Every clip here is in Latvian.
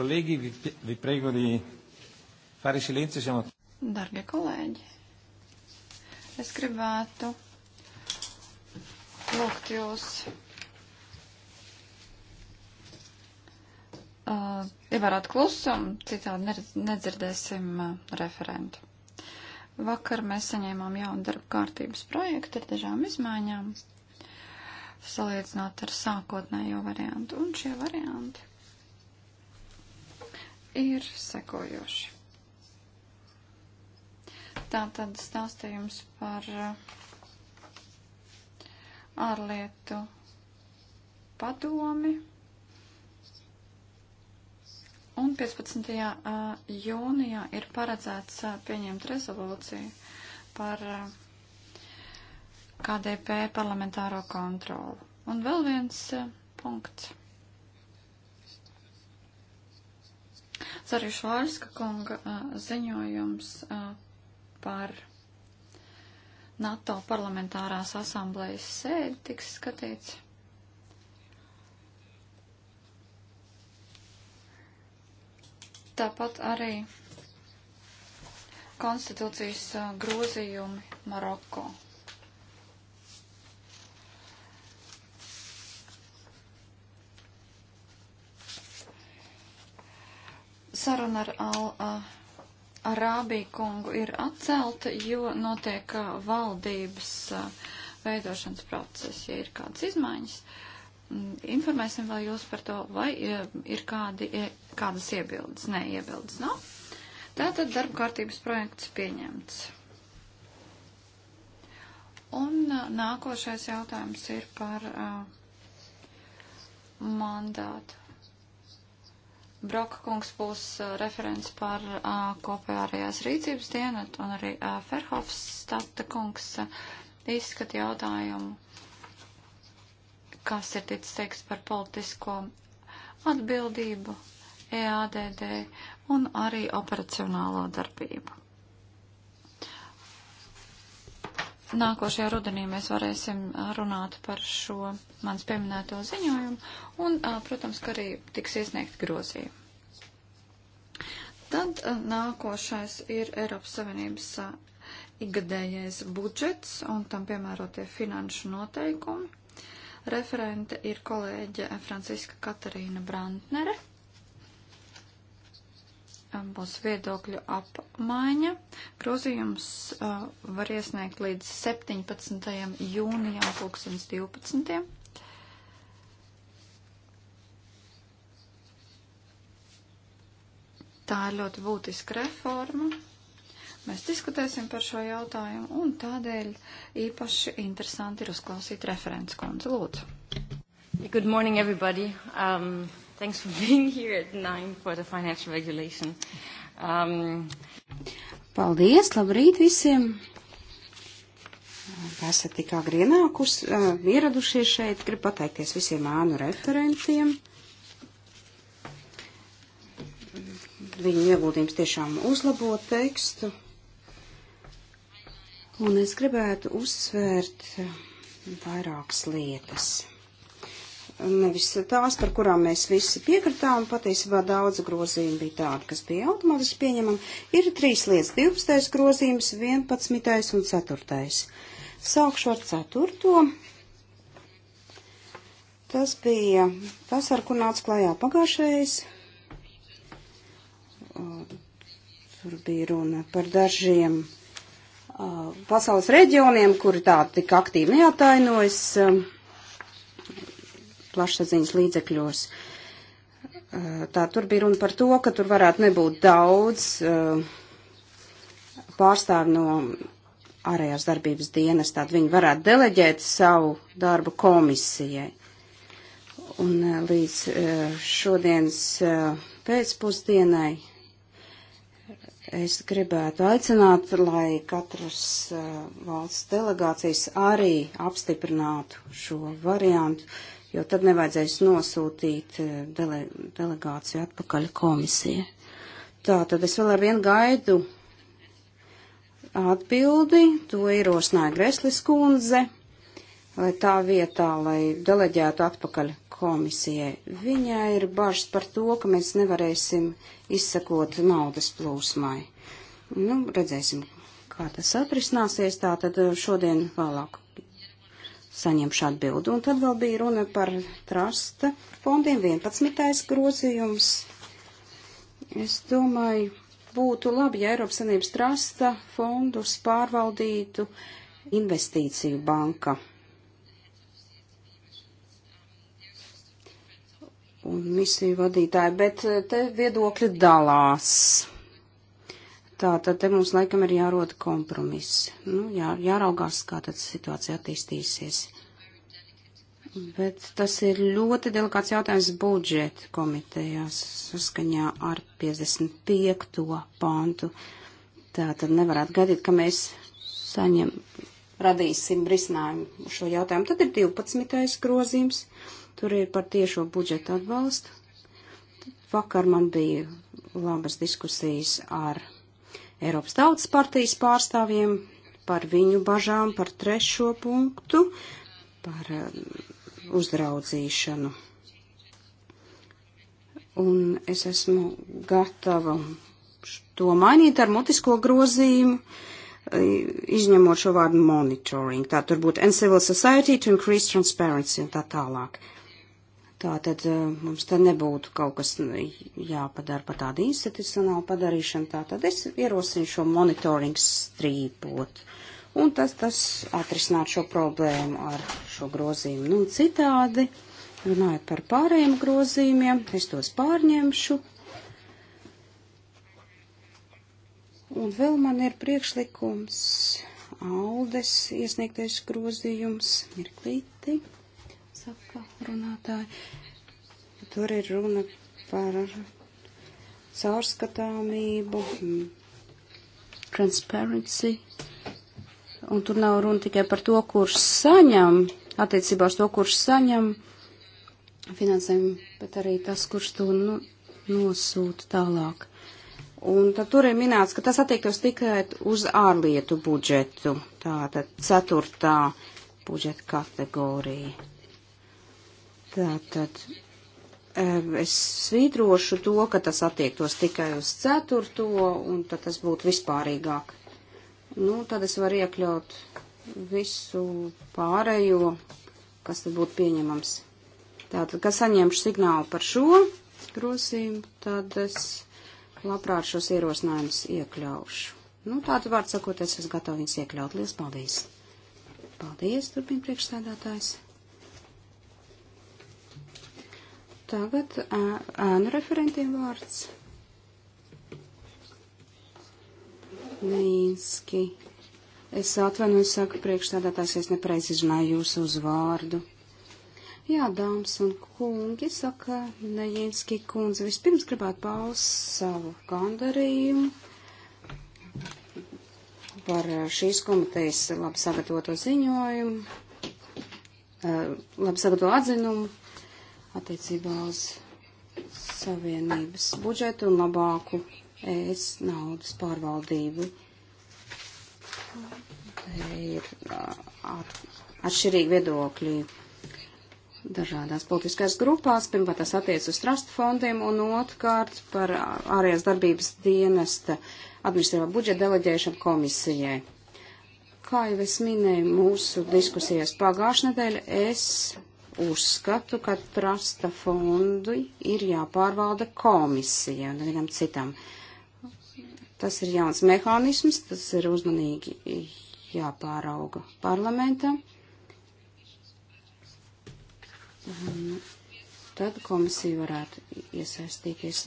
Kolēģi, vi, vi prego di fare silenzio, siamo... Dargie kolēģi, es gribētu lūgt jūs uh, eh, ievērot klusumu, citādi nedzirdēsim uh, referentu. Vakar mēs saņēmām jaunu darba kārtības projektu ar dažām izmaiņām, salīdzinot ar sākotnējo variantu. Un šie varianti ir sekojoši. Tā tad stāstījums par uh, ārlietu padomi. Un 15. Uh, jūnijā ir paredzēts uh, pieņemt rezolūciju par KDP parlamentāro kontroli. Un vēl viens punkts. Cariša Vārska kunga ziņojums par NATO parlamentārās asamblējas sēdi tiks skatīts. Tāpat arī konstitūcijas grozījumi Maroko. saruna ar Al Arābiju kungu ir atcelta, jo notiek valdības veidošanas process, ja ir kādas izmaiņas. Informēsim vēl jūs par to, vai e, ir kādi, e, kādas iebildes. Nē, iebildes nav. No? Tātad darba kārtības projekts pieņemts. Un nākošais jautājums ir par uh, mandātu Broka kungs būs uh, referents par uh, kopējās rīcības dienetu un arī uh, Ferhofs stata kungs uh, izskata jautājumu, kas ir ticis teiks par politisko atbildību, EADD un arī operacionālo darbību. nākošajā rudenī mēs varēsim runāt par šo mans pieminēto ziņojumu un, protams, ka arī tiks iesniegt grozījumi. Tad nākošais ir Eiropas Savienības ikgadējais budžets un tam piemērotie finanšu noteikumi. Referente ir kolēģe Franciska Katarīna Brantnere būs viedokļu apmaiņa. Grozījums uh, var iesniegt līdz 17. jūnijam 2012. Tā ir ļoti būtiska reforma. Mēs diskutēsim par šo jautājumu, un tādēļ īpaši interesanti ir uzklausīt referents kundzi. Lūdzu. Good morning, everybody. Um... Thanks for being here at 9 for the financial regulation. Um... Paldies, labrīt visiem! Esat tik agri ienākus, uh, ieradušies šeit. Gribu pateikties visiem ānu referentiem. Viņu ieguldījums tiešām uzlabo tekstu. Un es gribētu uzsvērt vairākas lietas nevis tās, par kurām mēs visi piekritām, patiesībā daudz grozījumu bija tādi, kas bija automātiski pieņemami, ir trīs lietas - 12. grozījums, 11. un 4. Sākšu ar 4. Tas bija tas, ar kur nāca klajā pagājušais. Tur bija runa par dažiem pasaules reģioniem, kuri tā tik aktīvi neatainojas plašsaziņas līdzekļos. Eh, tā tur bija runa par to, ka tur varētu nebūt daudz eh, pārstāvju no ārējās darbības dienas, tad viņi varētu deleģēt savu darbu komisijai. Un eh, līdz šodienas pēcpusdienai es gribētu aicināt, lai katras valsts delegācijas arī apstiprinātu šo variantu, jo tad nevajadzēs nosūtīt eh, dele, delegāciju atpakaļ komisijai. Tā tad es vēl ar vienu gaidu atbildi, to ierosināja Greslis kundze, lai tā vietā, lai deleģētu atpakaļ komisijai. Viņai ir bažas par to, ka mēs nevarēsim izsekot naudas plūsmai. Nu, redzēsim, kā tas atrisināsies, tā tad eh, šodien vēlāk saņemšu atbildu. Un tad vēl bija runa par trasta fondiem 11. grozījums. Es domāju, būtu labi, ja Eiropas Savienības trasta fondus pārvaldītu investīciju banka. Un misiju vadītāji, bet te viedokļi dalās. Tā tad te mums laikam ir jāroda kompromiss. Nu, jā, jāraugās, kā tad situācija attīstīsies. Bet tas ir ļoti delikāts jautājums budžeta komitejās saskaņā ar 55. pantu. Tā tad nevarētu gadīt, ka mēs saņem, radīsim risinājumu šo jautājumu. Tad ir 12. grozījums, tur ir par tiešo budžeta atbalstu. Vakar man bija labas diskusijas ar Eiropas Tautas partijas pārstāvjiem par viņu bažām par trešo punktu, par eh, uzraudzīšanu. Un es esmu gatava to mainīt ar mutisko grozījumu, eh, izņemot šo vārdu monitoring. Tā tur būtu and civil society to increase transparency un tā tālāk. Uh, Tā tad eh, mums te nebūtu kaut kas jāpadara par tādu institucionālu padarīšanu. Tā tad es ierosinu šo monitoring strīpot. Un tas, tas atrisināt šo problēmu ar šo grozījumu. Nu, citādi, runājot par pārējiem grozījumiem, es tos pārņemšu. Un vēl man ir priekšlikums Aldes iesniegtais grozījums. Mirklīti saka runātāji. Tur ir runa par caurskatāmību, transparency, un tur nav runa tikai par to, kurš saņem, attiecībā uz to, kurš saņem finansējumu, bet arī tas, kurš to nu, nosūta tālāk. Un tad tur ir minēts, ka tas attiektos tikai uz ārlietu budžetu, tātad ceturtā budžeta kategorija. Tātad eh, es svītrošu to, ka tas attiektos tikai uz ceturto, un tad tas būtu vispārīgāk. Nu, tad es varu iekļaut visu pārējo, kas tad būtu pieņemams. Tātad, kas saņemšu signālu par šo grozījumu, tad es labprāt šos ierosinājumus iekļaušu. Nu, tātad, vārds sakot, es esmu gatavs viņus iekļaut. Lielas paldies! Paldies, turpina priekšstādātājs! Tagad ēnu referentiem vārds. Nīnski. Es atvainojos, saku priekšstādātājs, es nepareiz izrunāju jūsu uzvārdu. Jā, dāmas un kungi, saka Neģinski kundze, vispirms gribētu paust savu gandarījumu par šīs komitejas labi sagatavoto ziņojumu, labi sagatavoto atzinumu attiecībā uz savienības budžetu un labāku ES naudas pārvaldību. Te ir atšķirīgi viedokļi dažādās politiskās grupās. Pirmkārt, tas attiec uz trust fondiem un otrkārt par ārējās darbības dienesta administratīvā budžeta deleģēšanu komisijai. Kā jau es minēju mūsu diskusijās pagājušajā nedēļā, es uzskatu, ka trasta fondi ir jāpārvalda komisija un nevienam citam. Tas ir jauns mehānisms, tas ir uzmanīgi jāpārauga parlamentam. Un tad komisija varētu iesaistīties.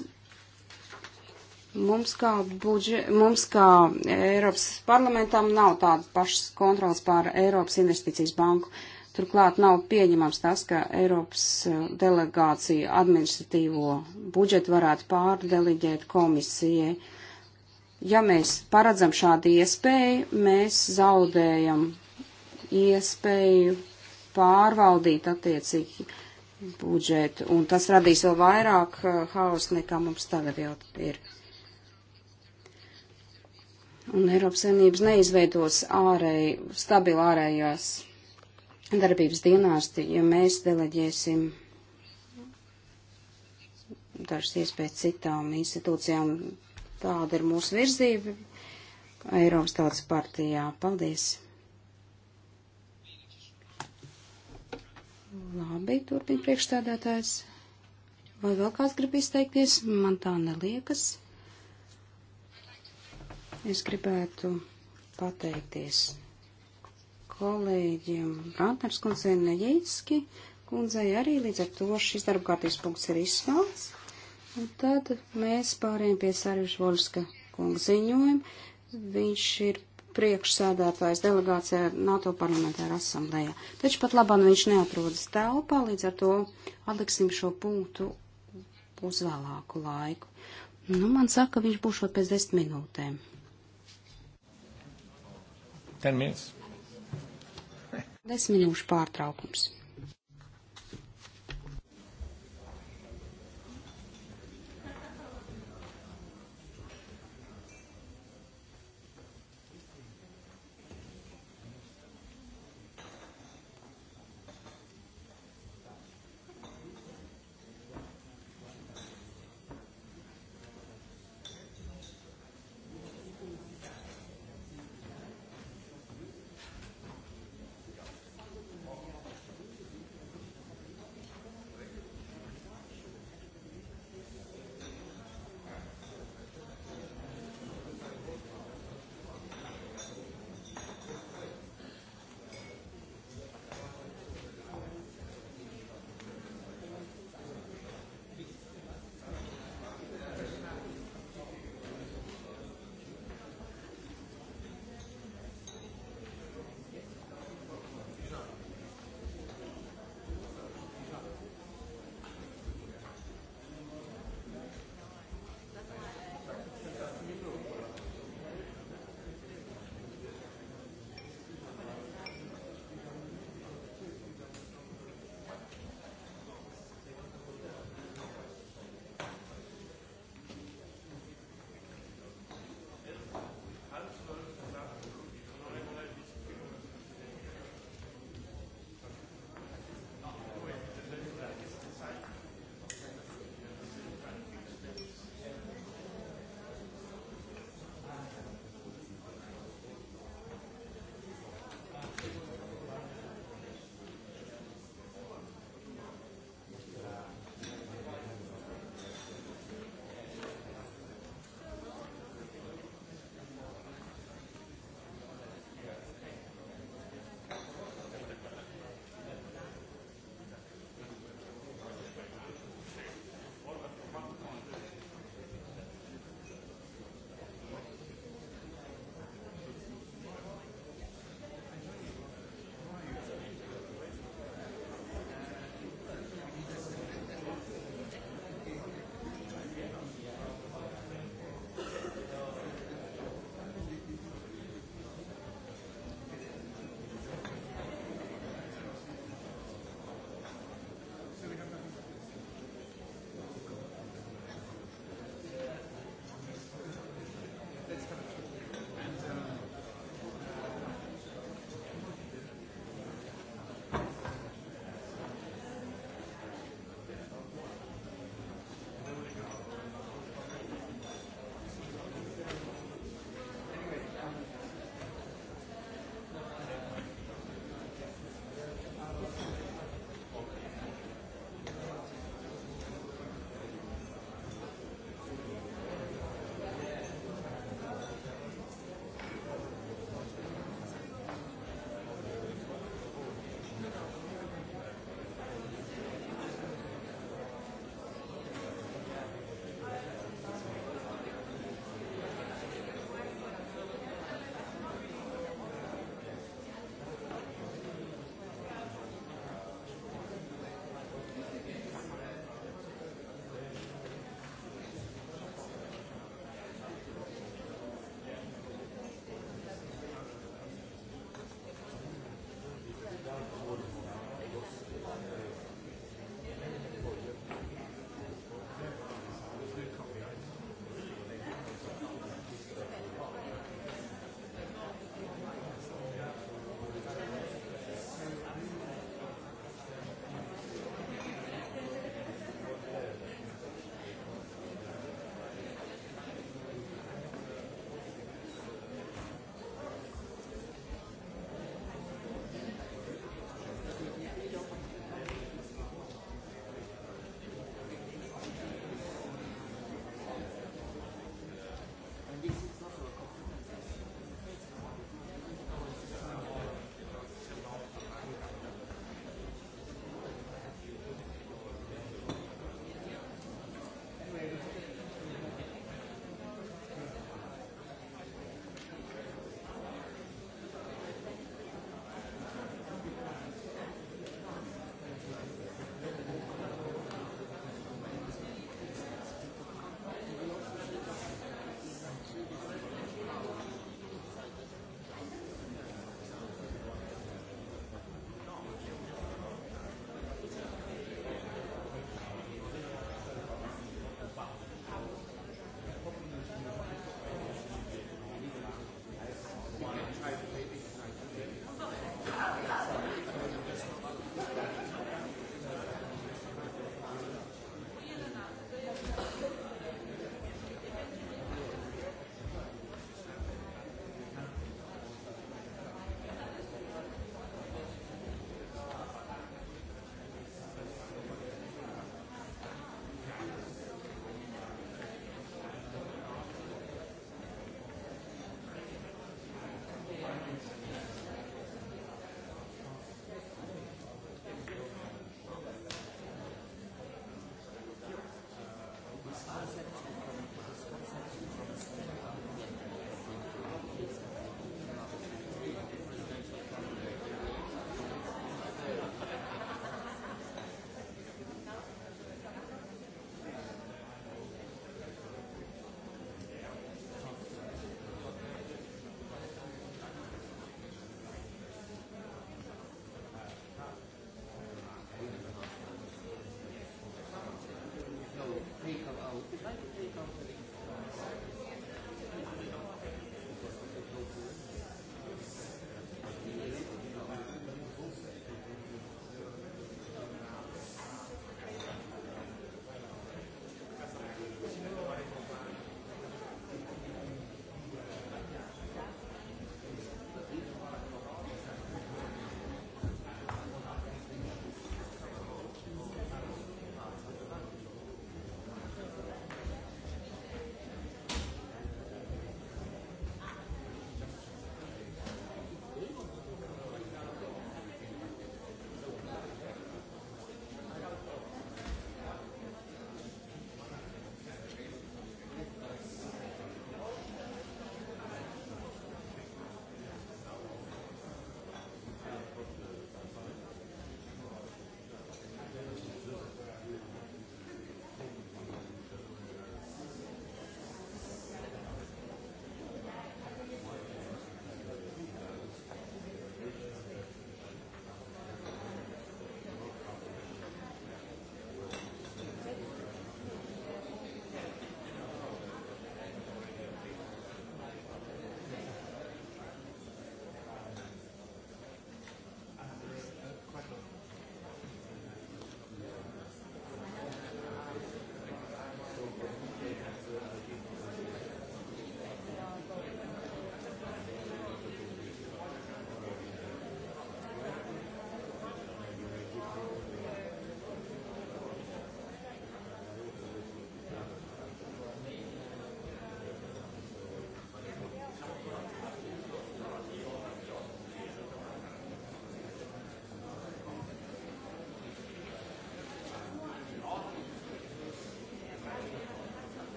Mums kā, budžet, mums kā Eiropas parlamentam nav tādas pašas kontrolas pār Eiropas investīcijas banku. Uh, Turklāt nav pieņemams tas, ka Eiropas eh, delegācija administratīvo budžetu varētu pārdeliģēt komisijai. Ja mēs paredzam šādu iespēju, mēs zaudējam iespēju pārvaldīt attiecīgi budžetu, un tas radīs vēl vairāk eh, hausa, nekā mums tagad jau ir. Un Eiropas Savienības neizveidos ārēji, stabilu ārējās darbības dienārsti, jo mēs deleģēsim dažas iespējas citām institūcijām. Tāda ir mūsu virzība Eiropas tautas partijā. Paldies! Labi, turpina priekšstādātājs. Vai vēl kāds grib izteikties? Man tā neliekas. Es gribētu pateikties kolēģiem Brantners kundzei un Neģītiski kundzei arī līdz ar to šis darba kārtības punkts ir izsnāts. Un tad mēs pārējām pie Sarjuša Voļska kunga ziņojuma. Viņš ir priekšsēdētājs delegācijā NATO parlamentārā asamblējā. Taču pat labam viņš neatrodas telpā, līdz ar to atliksim šo punktu uz vēlāku laiku. Nu, man saka, viņš būšot pēc desmit minūtēm. Ten minūtes. Desminūšu pārtraukums.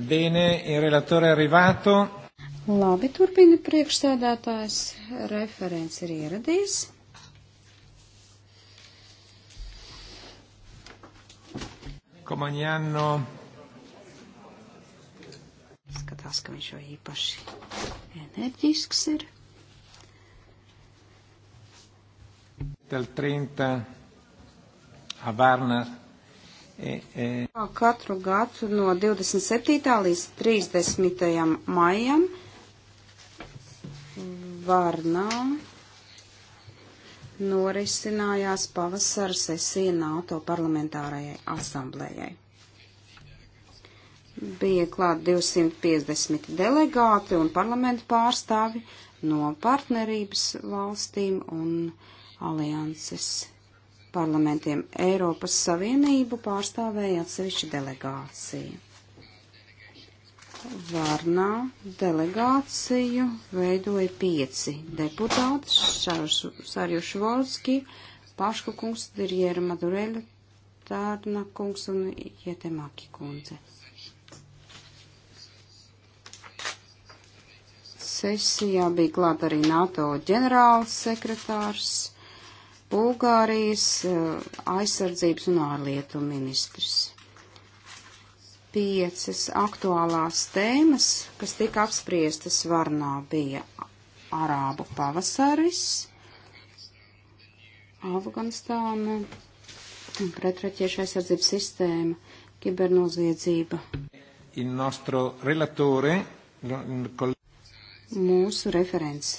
Bene, il relatore è arrivato. Labi, turpina priekšsēdētājs. Referents ir ieradies. Komaņāno. Skatās, ka viņš jau īpaši enerģisks ir. Del 30 a Varnar. E, e katru gadu no 27. līdz 30. maijam Varnā norisinājās pavasara sesija NATO parlamentārajai asamblējai. Bija klāt 250 delegāti un parlamentu pārstāvi no partnerības valstīm un alianses parlamentiem Eiropas Savienību pārstāvēja atsevišķa delegācija. Varnā delegāciju veidoja pieci deputāti - Sārju Švolski, Pašku kungs, Dirjera Madureļa, Tārna kungs un Ietemaki kundze. Sesijā bija klāt arī NATO ģenerāls sekretārs Bulgārijas eh, aizsardzības un ārlietu ministrs. Piecas aktuālās tēmas, kas tika apspriestas Varnā, bija Arābu pavasaris, Afganistāna, pretraķiešu aizsardzības sistēma, kibernoziedzība. Il nostro relatore, kol... Mūsu referents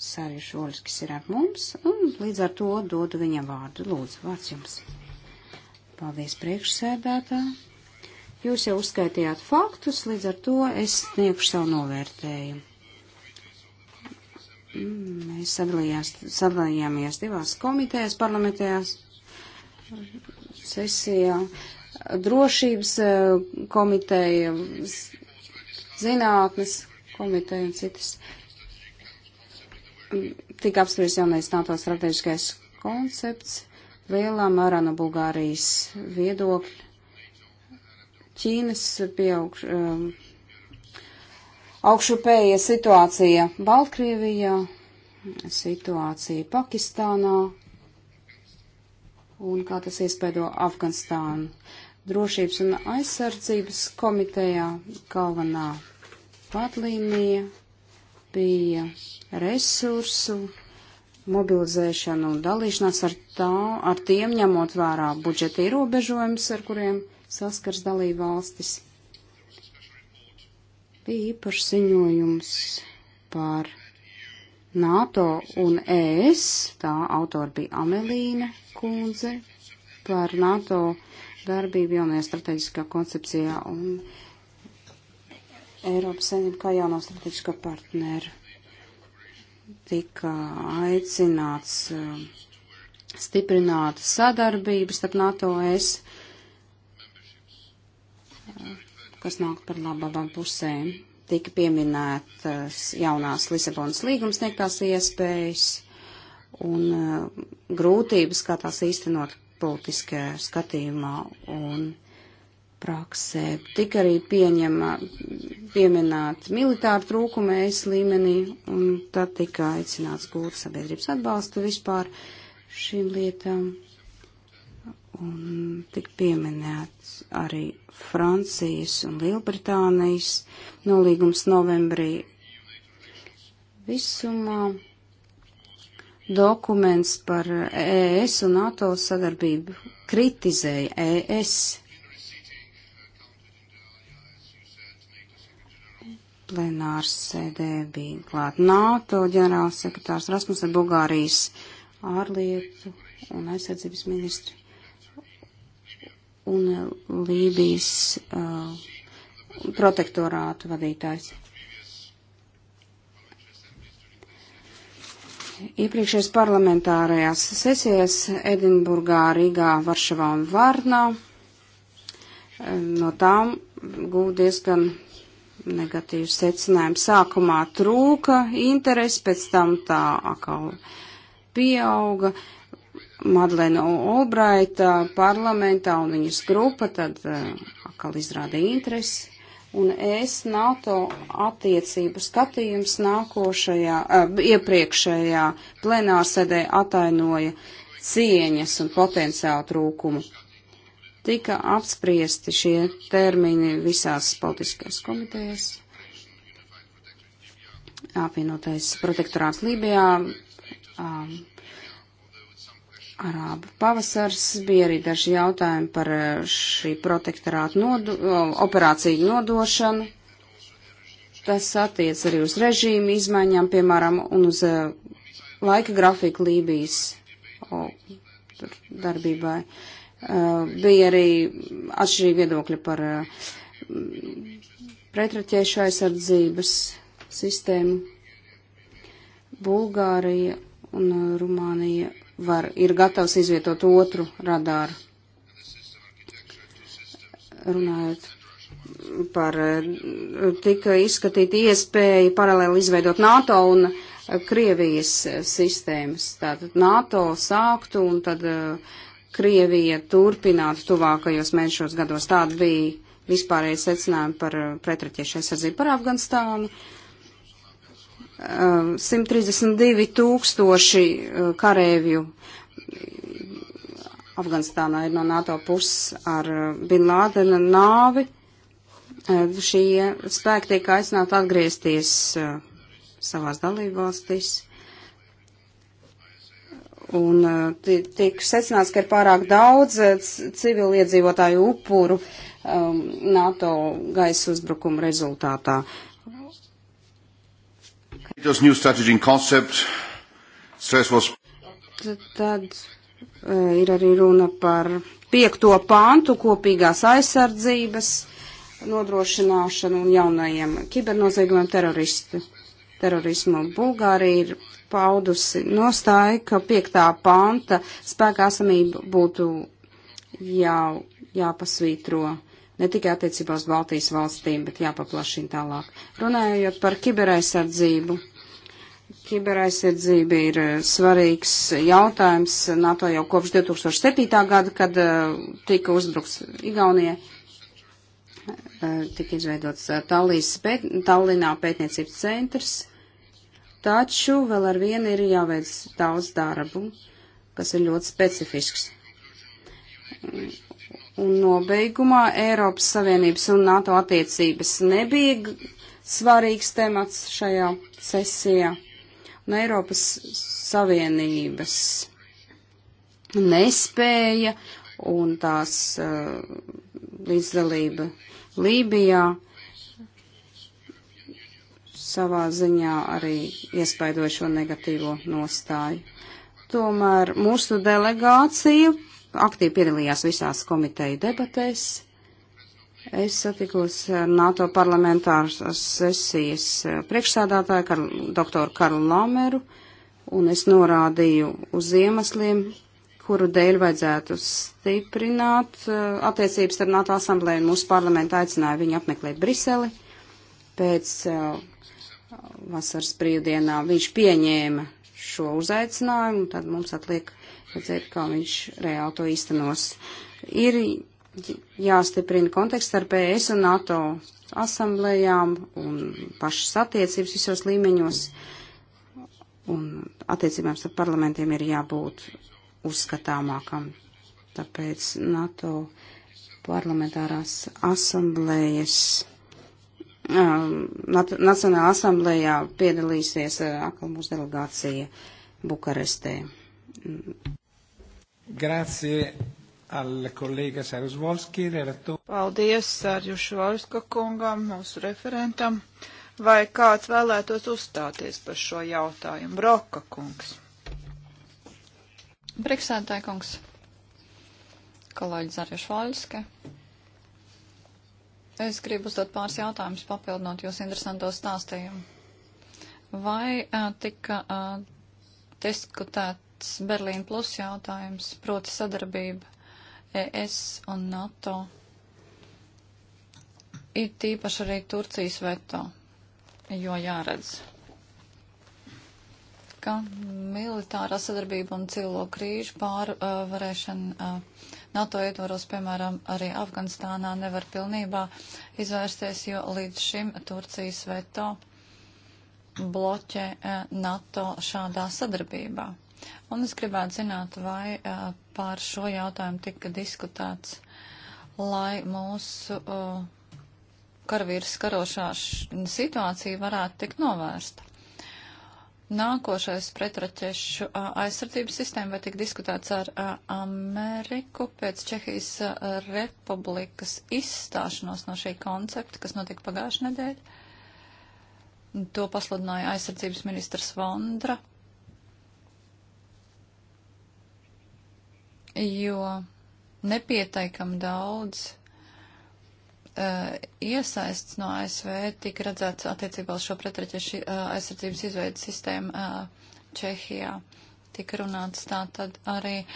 Sārijas Šoliskis ir ar mums, un līdz ar to dodu viņam vārdu. Lūdzu, vārds jums. Paldies priekšsēdētā. Jūs jau uzskaitījāt faktus, līdz ar to es sniegšu savu novērtējumu. Mēs sadalījāmies divās komitējās parlamentējās sesijā. Drošības eh, komiteja, zinātnes komiteja un citas tika apspriests jaunais NATO strateģiskais koncepts, lielā mērā no Bulgārijas viedokļa. Ķīnas pieaug, um, augšupēja situācija Baltkrievijā, situācija Pakistānā un kā tas iespēdo Afganistānu. Drošības un aizsardzības komitejā galvenā vadlīnija bija resursu mobilizēšana un dalīšanās ar, tā, ar tiem, ņemot vērā budžeta ierobežojumus, ar kuriem saskars dalība valstis. Bija īpašs ziņojums par NATO un ES, tā autori bija Amelīna Kūnze, par NATO darbību jaunajā strateģiskā koncepcijā un Eiropas Savienību kā jauno strateģisko partneru. Tika aicināts eh, stiprināt sadarbības starp NATO es, eh, kas nāk par labu abām pusēm. Tika pieminētas jaunās Lisabonas līgums sniegtās iespējas un eh, grūtības, kā tās īstenot politiskajā skatījumā. Un praksē. Tik arī pieņemā, pieminēt militāru trūkumu es līmenī, un tad tika aicināts gūt sabiedrības atbalstu vispār šīm lietām. Un tik pieminēts arī Francijas un Lielbritānijas nolīgums novembrī. Visumā dokuments par ES un NATO sadarbību kritizēja ES plenārs sēdē bija klāt NATO ģenerālsekretārs Rasmus ar Bulgārijas ārlietu un aizsardzības ministri un Lībijas uh, protektorātu vadītājs. Iepriekšējās parlamentārajās sesijās Edinburgā, Rīgā, Varšavā un Varnā uh, no tām gūties gan negatīvs secinājums. Sākumā trūka interesi, pēc tam tā atkal pieauga. Madlena Olbraita parlamentā un viņas grupa tad eh, atkal izrādīja interesi. Un es NATO attiecību skatījums nākošajā, eh, iepriekšējā plenārsēdē atainoja cieņas un potenciālu trūkumu tika apspriesti šie termini visās politiskajās komitejās. Apvienotais protektorāts Lībijā, um, Arābu pavasars, bija arī daži jautājumi par uh, šī protektorāta nodo, operāciju nodošanu. Tas attiec arī uz režīmu izmaiņām, piemēram, un uz uh, laika grafiku Lībijas o, darbībai. Uh, Eh, bija arī atšķirīgi viedokļi par eh, pretraķiešu aizsardzības sistēmu. Bulgārija un eh, Rumānija var, ir gatavs izvietot otru radāru. Runājot par, tika izskatīta iespēja paralēli izveidot NATO un Krievijas sistēmas. Tātad NATO sāktu un tad Krievija turpinātu tuvākajos mēnešos gados. Tāda bija vispārēja secinājuma par uh, pretraķiešu aizsardzību par Afganistānu. 132 uh, tūkstoši uh, karēvju Afganistānā ir no NATO puses ar Bin Lādena nāvi. Šie spēki tiek aicināti atgriezties savās dalībvalstīs un uh, tiek secināts, ka ir pārāk daudz uh, civiliedzīvotāju upuru um, NATO gaisa uzbrukuma rezultātā. Tad uh, ir arī runa par piekto pāntu kopīgās aizsardzības nodrošināšanu un jaunajiem kibernoziegumiem teroristu. Terorismu Bulgārija ir paudusi nostāja, ka piektā panta spēkā esamība būtu jau jāpasvītro ne tikai attiecībā uz Baltijas valstīm, bet jāpaplašina tālāk. Runājot par kiberaizsardzību. Kiberaizsardzība ir eh, svarīgs jautājums NATO jau kopš 2007. gada, kad eh, tika uzbruks Igaunijai eh, tika izveidots Tallinā pētniecības centrs, taču vēl ar vienu ir jāveic daudz darbu, kas ir ļoti specifisks. Un nobeigumā Eiropas Savienības un NATO attiecības nebija svarīgs temats šajā sesijā. Un Eiropas Savienības nespēja un tās uh, līdzdalība Lībijā uh, savā ziņā arī iespaidošo negatīvo nostāju. Tomēr mūsu delegācija aktīvi piedalījās visās komiteju debatēs. Es satikos ar NATO parlamentāras sesijas priekšsādātāju Karl, doktoru Karlu Lameru, un es norādīju uz iemesliem, kuru dēļ vajadzētu stiprināt uh, attiecības ar NATO asamblēju, un mūsu parlamentu aicināja viņu apmeklēt Briseli pēc uh, vasaras brīvdienā. Viņš pieņēma šo uzaicinājumu, tad mums atliek redzēt, kā viņš reāli to īstenos. Ir jāstiprina konteksts starp ES un NATO asamblējām un pašas attiecības visos līmeņos, un attiecībām starp parlamentiem ir jābūt uzskatāmākam. Tāpēc NATO parlamentārās asamblējas Nacionālajā asamblējā piedalīsies atkal mūsu delegācija Bukarestē. Grazie al kolēga Sarusvolski, relator. Paldies Sārjušu Valska kungam, mūsu referentam. Vai kāds vēlētos uzstāties par šo jautājumu? Broka kungs. Priekšsēdētāj kungs. Kolēģis Zārjušu Valska. Es gribu uzdot pāris jautājumus, papildinot jūs interesanto stāstījumu. Vai uh, tika uh, diskutēts Berlīna plus jautājums, proti sadarbība ES un NATO? Ir tīpaši arī Turcijas veto, jo jāredz, ka militārā sadarbība un cilo krīžu pārvarēšana. Uh, NATO ietvaros, piemēram, arī Afganistānā nevar pilnībā izvērsties, jo līdz šim Turcijas veto bloķē eh, NATO šādā sadarbībā. Un es gribētu zināt, vai eh, pār šo jautājumu tika diskutēts, lai mūsu eh, karavīru skarošā situācija varētu tikt novērsta. Nākošais pretraķešu aizsardzības sistēma vai tik diskutēts ar a, Ameriku pēc Čehijas a, republikas izstāšanos no šī koncepta, kas notika pagājušajā nedēļā. To pasludināja aizsardzības ministrs Vondra. Jo nepieteikam daudz uh, iesaists no ASV tika redzēts attiecībā uz šo pretraķešu uh, aizsardzības izveidu sistēmu uh, Čehijā. Tika runāts tā tad arī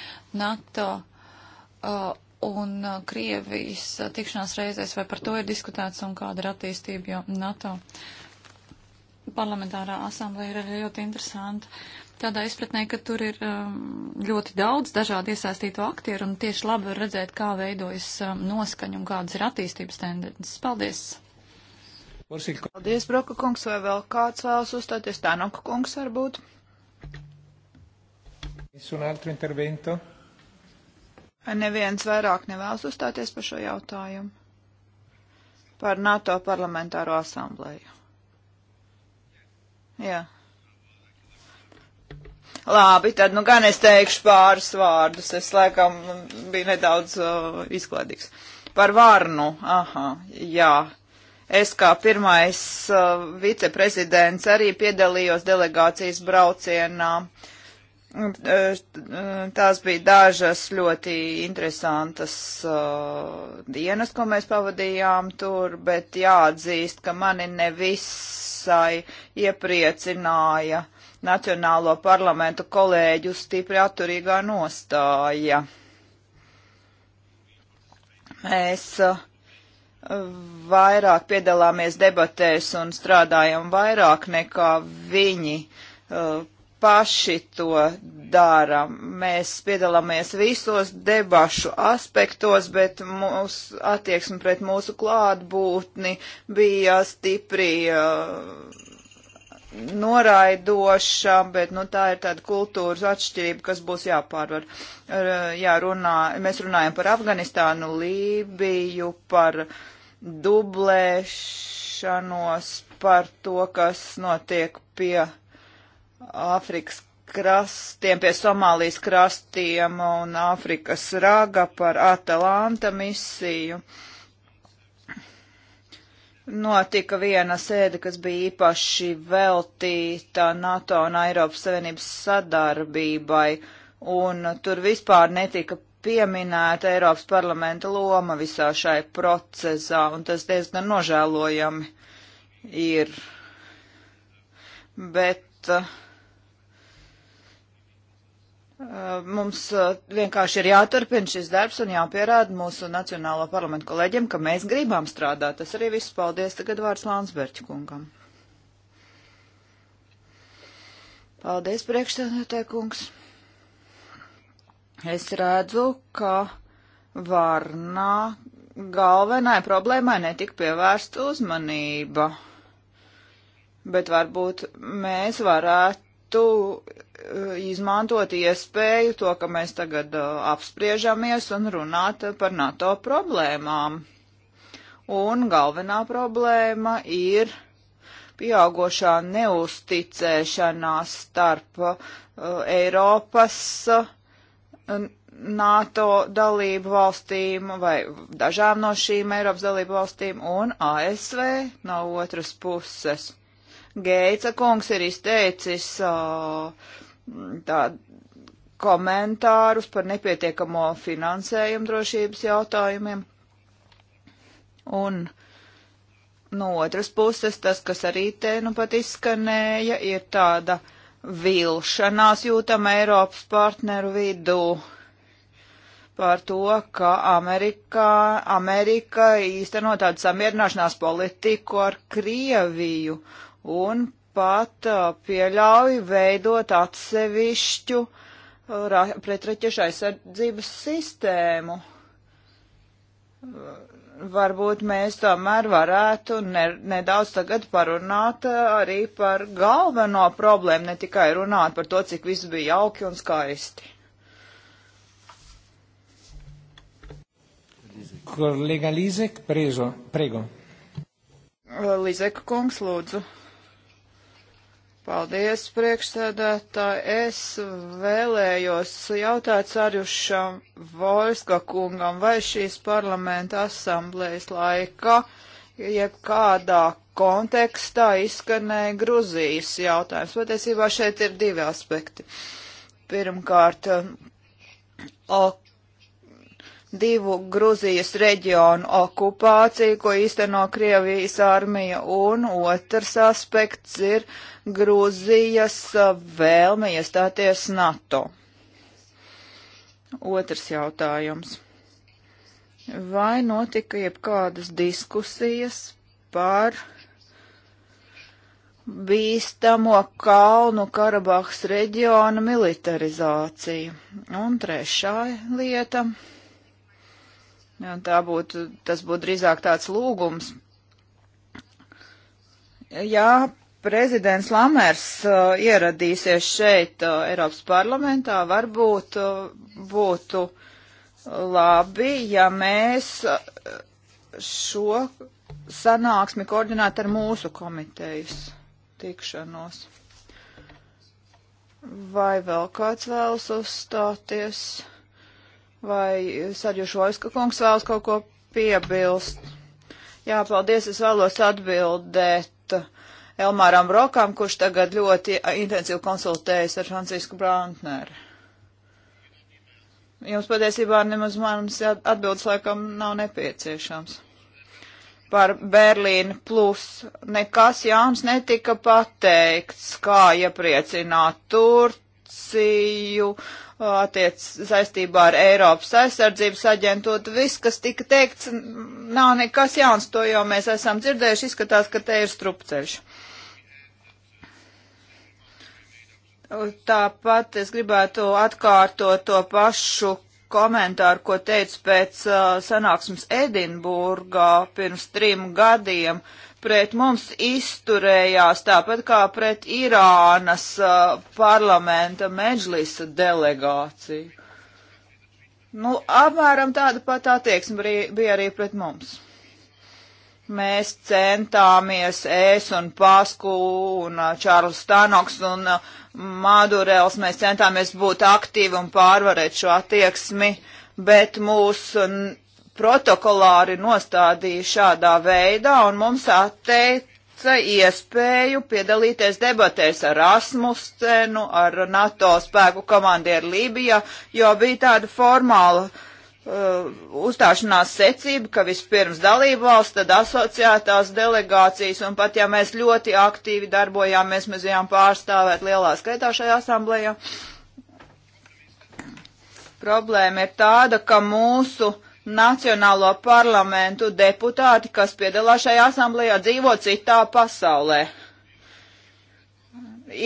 NATO uh, un uh, Krievijas uh, tikšanās reizēs, vai par to ir diskutēts un kāda ir attīstība, jo NATO parlamentārā asamblē ir arī ļoti interesanta Tādā izpratnē, ka tur ir um, ļoti daudz dažādu iesaistīto aktieru un tieši labi var redzēt, kā veidojas um, noskaņa un kādas ir attīstības tendences. Paldies! Paldies, Broka kungs, vai vēl kāds vēlas uzstāties? Tānoka kungs varbūt. Neviens vairāk nevēlas uzstāties par šo jautājumu. Par NATO parlamentāro asamblēju. Jā. Yeah. Labi, tad nu gan es teikšu pāris vārdus. Es laikam biju nedaudz uh, izklaidīgs. Par Varnu. Aha, jā. Es kā pirmais uh, viceprezidents arī piedalījos delegācijas braucienā. Uh, tās bija dažas ļoti interesantas uh, dienas, ko mēs pavadījām tur, bet jāatzīst, ka mani nevisai iepriecināja Nacionālo parlamentu kolēģu stipri atturīgā nostāja. Mēs uh, vairāk piedalāmies debatēs un strādājam vairāk nekā viņi uh, paši to dara. Mēs piedalāmies visos debašu aspektos, bet mūsu attieksme pret mūsu klātbūtni bija stipri uh, noraidoša, bet nu, tā ir tāda kultūras atšķirība, kas būs jāpārvar. Jā, runā, mēs runājam par Afganistānu, Lībiju, par dublēšanos, par to, kas notiek pie Āfrikas krastiem, pie Somālijas krastiem un Āfrikas raga, par Atalanta misiju. Uh, Notika viena sēde, kas bija īpaši veltīta NATO un Eiropas Savienības sadarbībai, un tur vispār netika pieminēta Eiropas parlamenta loma visā šai procesā, un tas diezgan nožēlojami ir. Bet uh, Mums vienkārši ir jāturpina šis darbs un jāpierāda mūsu Nacionālo parlamentu kolēģiem, ka mēs gribam strādāt. Tas arī viss paldies tagad vārds Lānsberķa kungam. Paldies, priekšsēdētāj kungs. Es redzu, ka Varnā galvenai problēmai netika pievērsta uzmanība, bet varbūt mēs varētu varētu eh, izmantot iespēju to, ka mēs tagad eh, apspriežamies un runāt par NATO problēmām. Un galvenā problēma ir pieaugošā neusticēšanās starp uh, Eiropas uh, NATO dalību valstīm vai dažām no šīm Eiropas dalību valstīm un ASV no otras puses. Geitsa kungs ir izteicis uh, tādu komentārus par nepietiekamo finansējumu drošības jautājumiem. Un no otras puses, tas, kas arī te nu pat izskanēja, ir tāda vilšanās jūtama Eiropas partneru vidū par to, ka Amerikā, Amerika īsteno tādu samierināšanās politiku ar Krieviju un pat uh, pieļauj veidot atsevišķu uh, pretraķešu aizsardzības sistēmu. Uh, varbūt mēs tomēr varētu ne, nedaudz tagad parunāt arī par galveno problēmu, ne tikai runāt par to, cik viss bija jauki un skaisti. Kolega Līzek, prego. Līzek kungs, lūdzu. Paldies, priekšsēdētāji. Es vēlējos jautāt Sarjušam Volska kungam, vai šīs parlamenta asamblējas laika, jeb kādā kontekstā izskanēja Gruzijas jautājums. Patiesībā šeit ir divi aspekti. Pirmkārt, ok, divu Gruzijas reģionu okupāciju, ko īsteno Krievijas armija, un otrs aspekts ir Gruzijas vēlme iestāties NATO. Otrs jautājums. Vai notika jebkādas diskusijas par bīstamo Kalnu Karabahas reģiona militarizāciju? Un trešā lieta Un tā būtu, tas būtu drīzāk tāds lūgums. Jā, prezidents Lamers uh, ieradīsies šeit uh, Eiropas parlamentā, varbūt uh, būtu labi, ja mēs uh, šo sanāksmi koordinētu ar mūsu komitejas tikšanos. Vai vēl kāds vēlas uzstāties? Vai Saģušoiska kungs vēlas kaut ko piebilst? Jā, paldies, es vēlos atbildēt Elmāram Brokam, kurš tagad ļoti intensīvi konsultējas ar Francisku Brantneru. Jums patiesībā nemaz manas atbildes laikam nav nepieciešams par Berlīnu plus. Nekas jauns netika pateikts, kā iepriecināt tur, Turciju, attiec saistībā ar Eiropas aizsardzības aģentūtu. Viss, kas tika teikts, nav nekas jauns, to jau mēs esam dzirdējuši, izskatās, ka te ir strupceļš. Tāpat es gribētu atkārtot to pašu komentāru, ko teicu pēc uh, sanāksmes Edinburgā pirms trim gadiem. Uh, pret mums izturējās tāpat kā pret Irānas uh, parlamenta medžlisa delegāciju. Nu, apmēram tāda pat attieksme bija arī pret mums. Mēs centāmies, es un Pasku un uh, Čārls Stanoks un uh, Madurels, mēs centāmies būt aktīvi un pārvarēt šo attieksmi, bet mūs protokolāri nostādīja šādā veidā, un mums atteica iespēju piedalīties debatēs ar Rasmustenu, ar NATO spēku komandieru Lībijā, jo bija tāda formāla uh, uzstāšanās secība, ka vispirms dalībvalsts, tad asociētās delegācijas, un pat ja mēs ļoti aktīvi darbojāmies, mēs bijām pārstāvēt lielā skaitā šajā asamblējā. Problēma ir tāda, ka mūsu uh, Nacionālo parlamentu deputāti, kas piedalās šajā asamblējā, dzīvo citā pasaulē.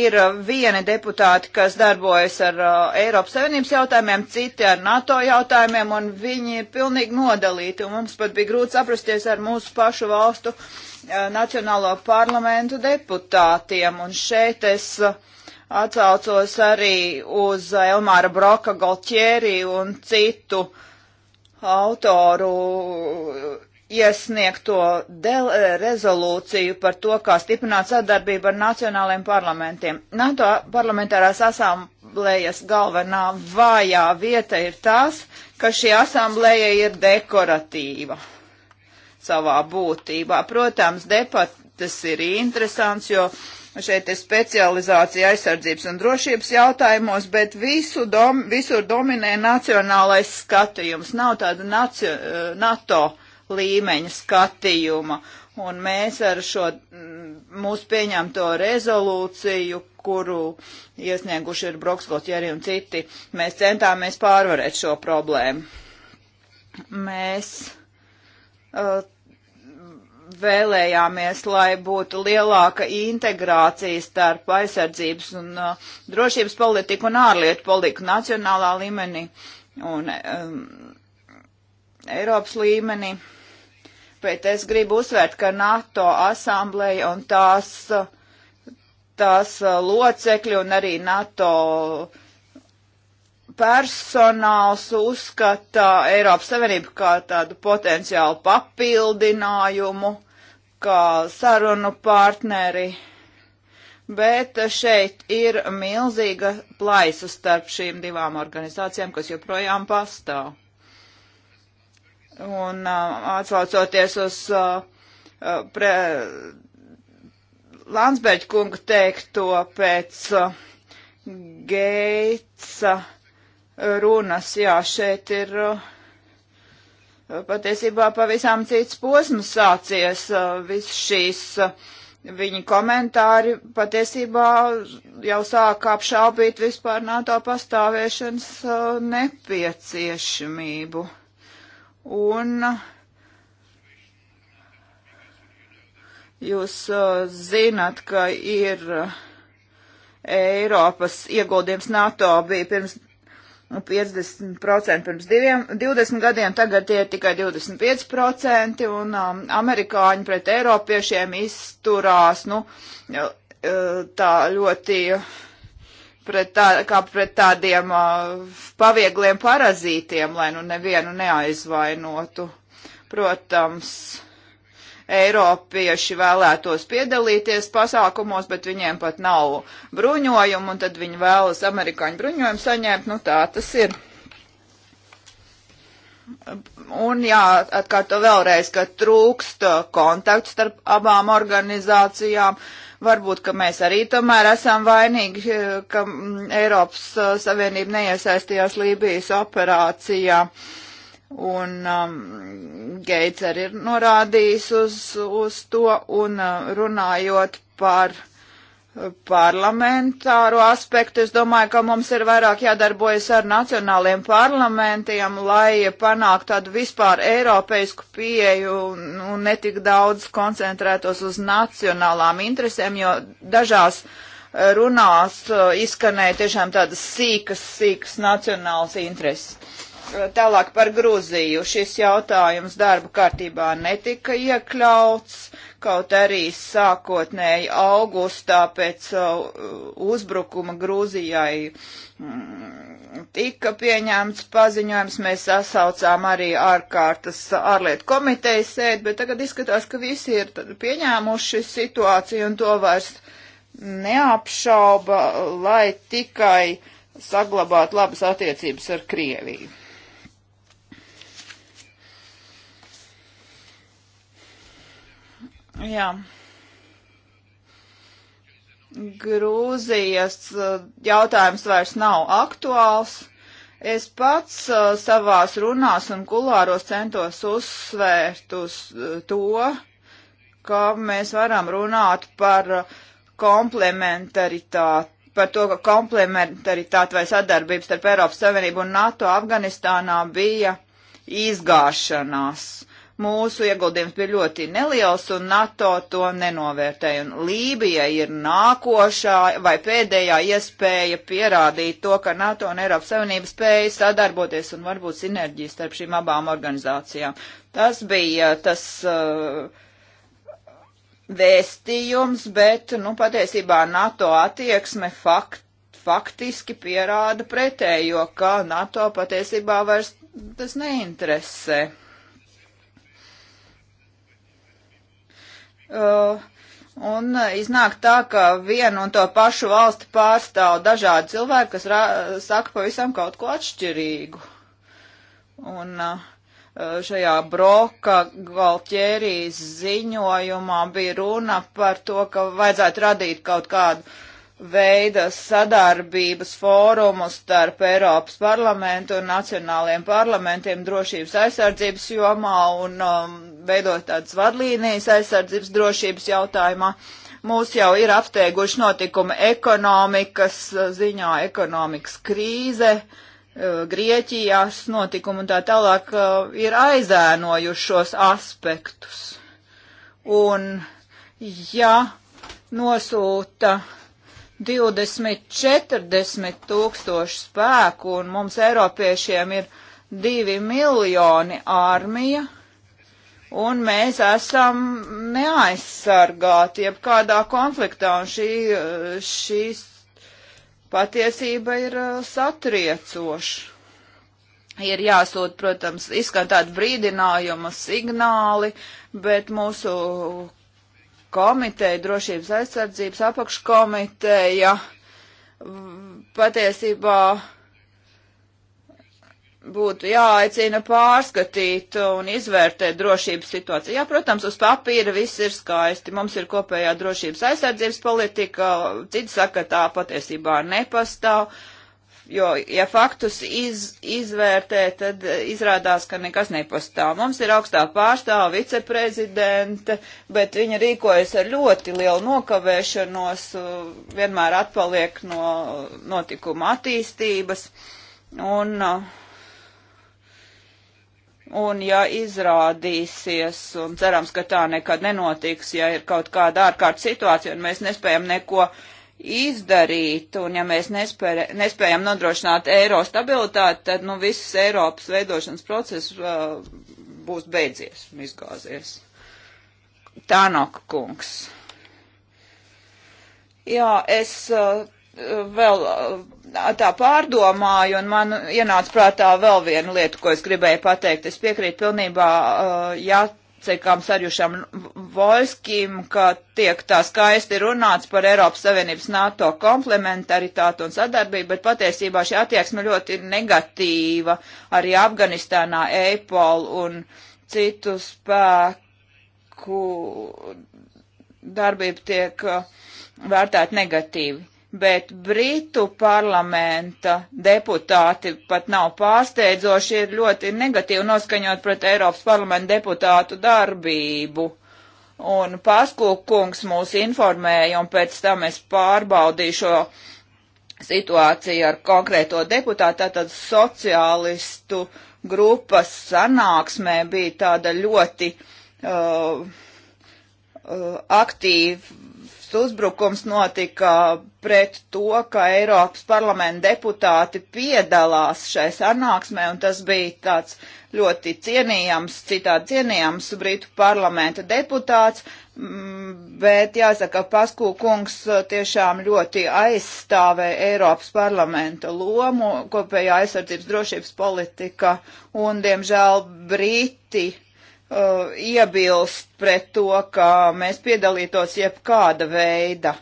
Ir uh, vieni deputāti, kas darbojas ar uh, Eiropas Savienības jautājumiem, citi ar NATO jautājumiem, un viņi ir pilnīgi nodalīti. Un mums pat bija grūti saprasties ar mūsu pašu valstu uh, Nacionālo parlamentu deputātiem. Un šeit es uh, atsaucos arī uz uh, Elmāra Broka Galtieri un citu uh, autoru iesniegto eh, rezolūciju par to, kā stiprināt sadarbību ar nacionālajiem parlamentiem. NATO parlamentārās asamblējas galvenā vājā vieta ir tas, ka šī asamblēja ir dekoratīva savā būtībā. Protams, debates ir interesants, jo uh, Šeit ir specializācija aizsardzības un drošības jautājumos, bet visu dom, visur dominē nacionālais skatījums. Nav tāda nacio, eh, NATO līmeņa skatījuma. Un mēs ar šo mm, mūsu pieņemto rezolūciju, kuru iesnieguši ir Brokskot Jeri un citi, mēs centāmies pārvarēt šo problēmu. Mēs uh, vēlējāmies, lai būtu lielāka integrācija starp aizsardzības un uh, drošības politiku un ārlietu politiku nacionālā līmenī un um, Eiropas līmenī. Bet es gribu uzsvērt, ka NATO asambleja un tās, tās uh, locekļi un arī NATO personāls uzskata Eiropas Savienību kā tādu potenciālu papildinājumu kā sarunu partneri, bet šeit ir milzīga plaisa starp šīm divām organizācijām, kas joprojām pastāv. Un atsaucoties uz pre, Landsbeģa kunga teikto pēc Geitsa runas, jā, šeit ir. Uh, patiesībā pavisam cits posms sācies. Uh, viss šīs uh, viņa komentāri patiesībā jau sāka apšaubīt vispār NATO pastāvēšanas uh, nepieciešamību. Un jūs zinat, ka ir Eiropas ieguldījums NATO bija pirms 50% pirms diviem, 20 gadiem, tagad tie ir tikai 25%, un um, amerikāņi pret eiropiešiem izturās, nu, uh, tā ļoti pret tā, kā pret tādiem uh, paviegliem parazītiem, lai nu nevienu neaizvainotu. Protams, uh, Eiropieši vēlētos piedalīties pasākumos, bet viņiem pat nav bruņojumu, un tad viņi vēlas amerikāņu bruņojumu saņemt. Nu, tā tas ir. Un jā, atkārto vēlreiz, ka trūkst kontaktu starp abām organizācijām. Varbūt, ka mēs arī tomēr esam vainīgi, ka mm, Eiropas Savienība neiesaistījās Lībijas operācijā. Uh, Un um, Geits arī ir norādījis uz, uz to, un uh, runājot par uh, parlamentāro aspektu, es domāju, ka mums ir vairāk jādarbojas ar nacionāliem parlamentiem, lai panāktu tādu vispār eiropeisku pieeju un, un netik daudz koncentrētos uz nacionālām interesēm, jo dažās uh, runās uh, izskanēja tiešām tādas sīkas, sīkas nacionālas intereses. Tālāk par Gruziju. Šis jautājums darba kārtībā netika iekļauts, kaut arī sākotnēji augustā pēc uh, uzbrukuma Grūzijai mm, tika pieņemts paziņojums. Mēs sasaucām arī ārkārtas ārlietu komitejas sēdi, bet tagad izskatās, ka visi ir pieņēmuši situāciju un to vairs neapšauba, lai tikai saglabāt labas attiecības ar Krieviju. Jā. Grūzijas uh, jautājums vairs nav aktuāls. Es pats uh, savās runās un kulāros centos uzsvērt uz uh, to, ka mēs varam runāt par komplementaritāti par to, ka komplementaritāte vai sadarbības starp Eiropas Savienību un NATO Afganistānā bija izgāšanās. Mūsu ieguldījums bija ļoti neliels, un NATO to nenovērtēja. Un Lībija ir nākošā vai pēdējā iespēja pierādīt to, ka NATO un Eiropas Savienība spēja sadarboties un varbūt sinerģijas starp šīm abām organizācijām. Tas bija uh, tas. Uh, vēstījums, bet, nu, patiesībā NATO attieksme fakt, faktiski pierāda pretējo, ka NATO patiesībā vairs tas neinteresē. Uh, Un iznāk tā, ka vienu un to pašu valsti pārstāv dažādi cilvēki, kas rā, saka pavisam kaut ko atšķirīgu. Un uh, šajā broka Gvaltjērijas ziņojumā bija runa par to, ka vajadzētu radīt kaut kādu veida sadarbības fórumu starp Eiropas parlamentu un nacionāliem parlamentiem drošības aizsardzības jomā un um, veidot tādas vadlīnijas aizsardzības drošības jautājumā. Mūs jau ir apsteiguši notikumi ekonomikas ziņā, ekonomikas krīze, uh, Grieķijās notikumi un tā tālāk uh, ir aizēnojušos aspektus. Un, ja nosūta 20-40 tūkstoši spēku, un mums Eiropiešiem ir 2 miljoni ārmija, un mēs esam neaizsargāti jebkādā konfliktā, un šī, šīs patiesība ir uh, satriecoša. Ir jāsūt, protams, izskan tādi brīdinājuma signāli, bet mūsu komiteja, drošības aizsardzības apakškomiteja patiesībā būtu jāaicina pārskatīt un izvērtēt drošības situāciju. Jā, protams, uz papīra viss ir skaisti. Mums ir kopējā drošības aizsardzības politika, citi saka, tā patiesībā nepastāv jo, ja faktus iz, izvērtē, tad eh, izrādās, ka nekas nepastāv. Mums ir augstā pārstāva viceprezidente, bet viņa rīkojas ar ļoti lielu nokavēšanos, eh, vienmēr atpaliek no notikuma attīstības. Un, eh, un ja izrādīsies, un cerams, ka tā nekad nenotiks, ja ir kaut kāda ārkārtas situācija un mēs nespējam neko izdarīt, un ja mēs nespēr, nespējam nodrošināt eiro stabilitāti, tad nu, viss Eiropas veidošanas process uh, būs beidzies un izgāzies. Tānok kungs. Jā, es uh, vēl uh, tā pārdomāju, un man ienāca prātā vēl viena lieta, ko es gribēju pateikt. Es piekrītu pilnībā uh, cekām sarjušam Volskim, ka tiek tā skaisti runāts par Eiropas Savienības NATO komplementaritātu un sadarbību, bet patiesībā šī attieksme ļoti ir negatīva arī Afganistānā, EIPOL un citu spēku darbība tiek uh, vērtēta negatīvi bet Britu parlamenta deputāti pat nav pārsteidzoši, ir ļoti negatīvi noskaņot pret Eiropas parlamenta deputātu darbību. Un Paskūkungs mūs informēja, un pēc tam es pārbaudīju šo situāciju ar konkrēto deputātu, tātad sociālistu grupas sanāksmē bija tāda ļoti uh, uh aktīva uzbrukums notika pret to, ka Eiropas parlamenta deputāti piedalās šai sanāksmē, un tas bija tāds ļoti cienījams, citādi cienījams Britu parlamenta deputāts, mm, bet jāsaka, Paskū kungs uh, tiešām ļoti aizstāvē Eiropas parlamenta lomu kopējā aizsardzības drošības politika, un, diemžēl, Briti uh, iebilst pret to, ka mēs piedalītos jebkāda veida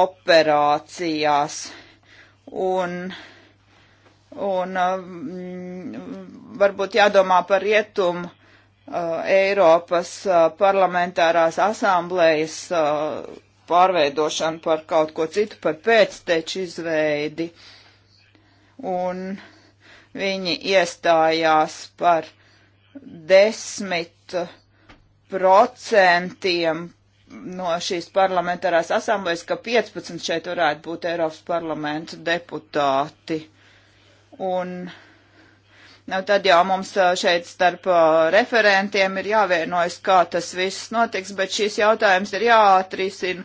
operācijās. Un, un uh, mm, varbūt jādomā par rietumu uh, Eiropas uh, parlamentārās asamblējas uh, pārveidošanu par kaut ko citu, par pēcteču izveidi. Un viņi iestājās par desmit procentiem no šīs parlamentārās asamblejas, ka 15 šeit varētu būt Eiropas parlamenta deputāti. Un nu, tad jau mums šeit starp referentiem ir jāvienojas, kā tas viss notiks, bet šis jautājums ir jāatrisina,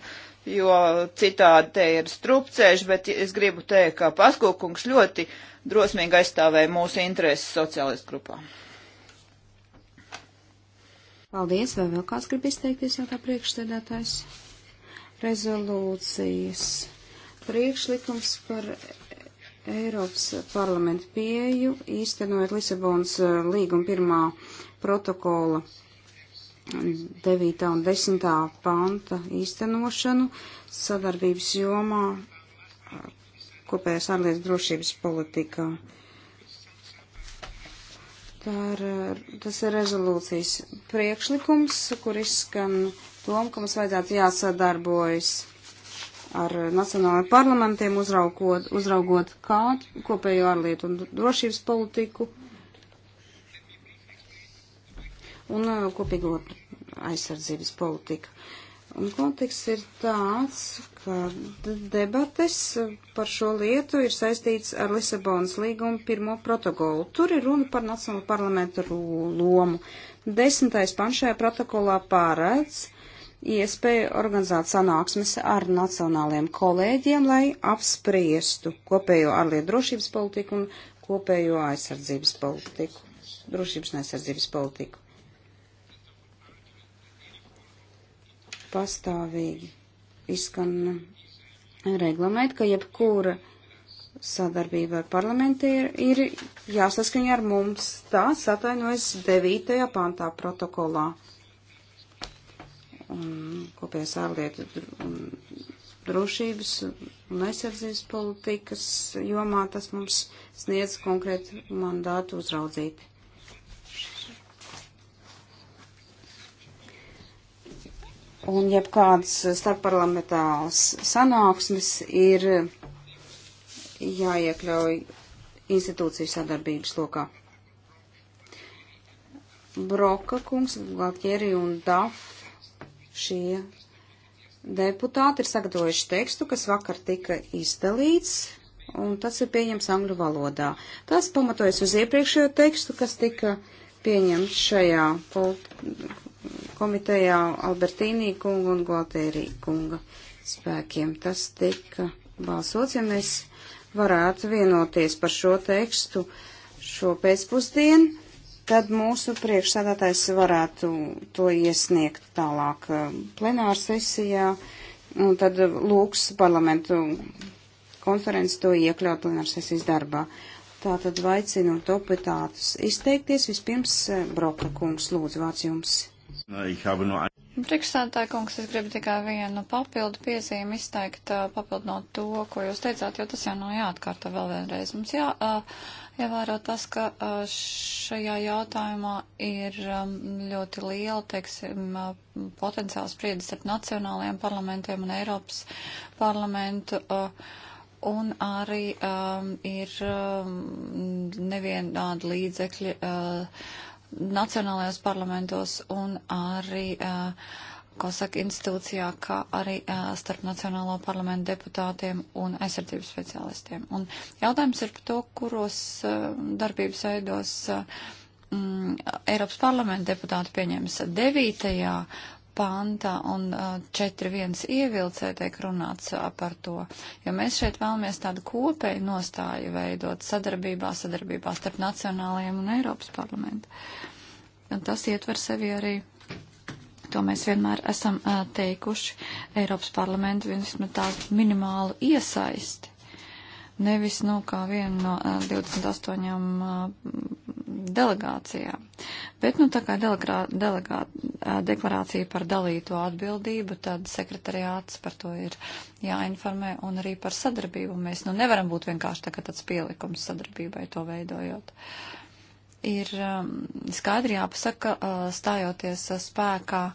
jo citādi te ir strupceļš, bet es gribu teikt, ka Paskūkungs ļoti drosmīgi aizstāvēja mūsu intereses sociālistu grupā. Paldies, vai vēl kāds grib izteikties, jau tā priekšstādātājs? Rezolūcijas priekšlikums par Eiropas parlamentu pieju, īstenojot Lisabonas eh, līguma pirmā protokola 9. un 10. panta īstenošanu sadarbības jomā eh, kopējās ārlietas drošības politikā. Par, eh, tas ir rezolūcijas priekšlikums, kur izskan tom, ka mums vajadzētu jāsadarbojas ar nacionālajiem parlamentiem, uzraugot, uzraugot kā kopējo ārlietu un drošības politiku un eh, kopīgo aizsardzības politiku. Un konteksts ir tāds, ka debates par šo lietu ir saistīts ar Lisabonas līgumu pirmo protokolu. Tur ir runa par Nacionālo parlamentu lomu. Desmitais pants šajā protokolā pārēdz iespēju organizēt sanāksmes ar nacionāliem kolēģiem, lai apspriestu kopējo ārlietu drošības politiku un kopējo aizsardzības politiku, drošības un aizsardzības politiku. pastāvīgi izskan reglamēt, ka jebkura sadarbība ar parlamentu ir, ir jāsaskaņa ar mums. Tā satainojas 9. pantā protokolā. Un kopējās ārlietu un drošības un aizsardzības politikas jomā tas mums sniedz konkrētu mandātu uzraudzīt un jebkādas starpparlamentālas sanāksmes ir jāiekļauj institūciju sadarbības lokā. Broka kungs, Galtieri un Daf šie deputāti ir sagatavojuši tekstu, kas vakar tika izdalīts, un tas ir pieņems angļu valodā. Tas pamatojas uz iepriekšējo tekstu, kas tika pieņemts šajā komitejā Albertīnī kunga un Gualtērī kunga spēkiem. Tas tika balsots, ja mēs varētu vienoties par šo tekstu šo pēcpusdienu, tad mūsu priekšsēdētājs varētu to iesniegt tālāk eh, plenārsesijā, un tad lūgs parlamentu konferenci to iekļaut plenārsesijas darbā. Tātad aicinu deputātus izteikties. Vispirms eh, Broka kungs, lūdzu, vārds jums. Priekšsādātāja kungs, es gribu tikai vienu papildu piezīmi izteikt, papildinot to, ko jūs teicāt, jo tas jau nav jāatkārto vēl vienreiz. Mums jā, jāvēro tas, ka šajā jautājumā ir ļoti liela, teiksim, potenciāls spriedzes ar nacionālajiem parlamentiem un Eiropas parlamentu un arī um, ir um, nevienādi līdzekļi uh, nacionālajos parlamentos un arī uh, eh, Kosaka institūcijā, kā arī uh, starp Nacionālo parlamentu deputātiem un aizsardzības speciālistiem. Un jautājums ir par to, kuros uh, darbības veidos uh, mm, Eiropas parlamenta deputāti pieņems 9 pantā un 4.1 ievilcē tiek runāts par to, jo mēs šeit vēlamies tādu kopēju nostāju veidot sadarbībā, sadarbībā starp nacionālajiem un Eiropas parlamentu. Un tas ietver sevi arī. To mēs vienmēr esam uh, teikuši Eiropas parlamentu vismaz tādu minimālu iesaisti nevis nu, kā viena no 28 eh, eh, delegācijām. Bet nu, tā kā delegā, delegā, eh, deklarācija par dalīto atbildību, tad sekretariāts par to ir jāinformē un arī par sadarbību. Mēs nu, nevaram būt vienkārši tā, tāds pielikums sadarbībai to veidojot. Ir ehm, skaidri jāpasaka, stājoties spēkā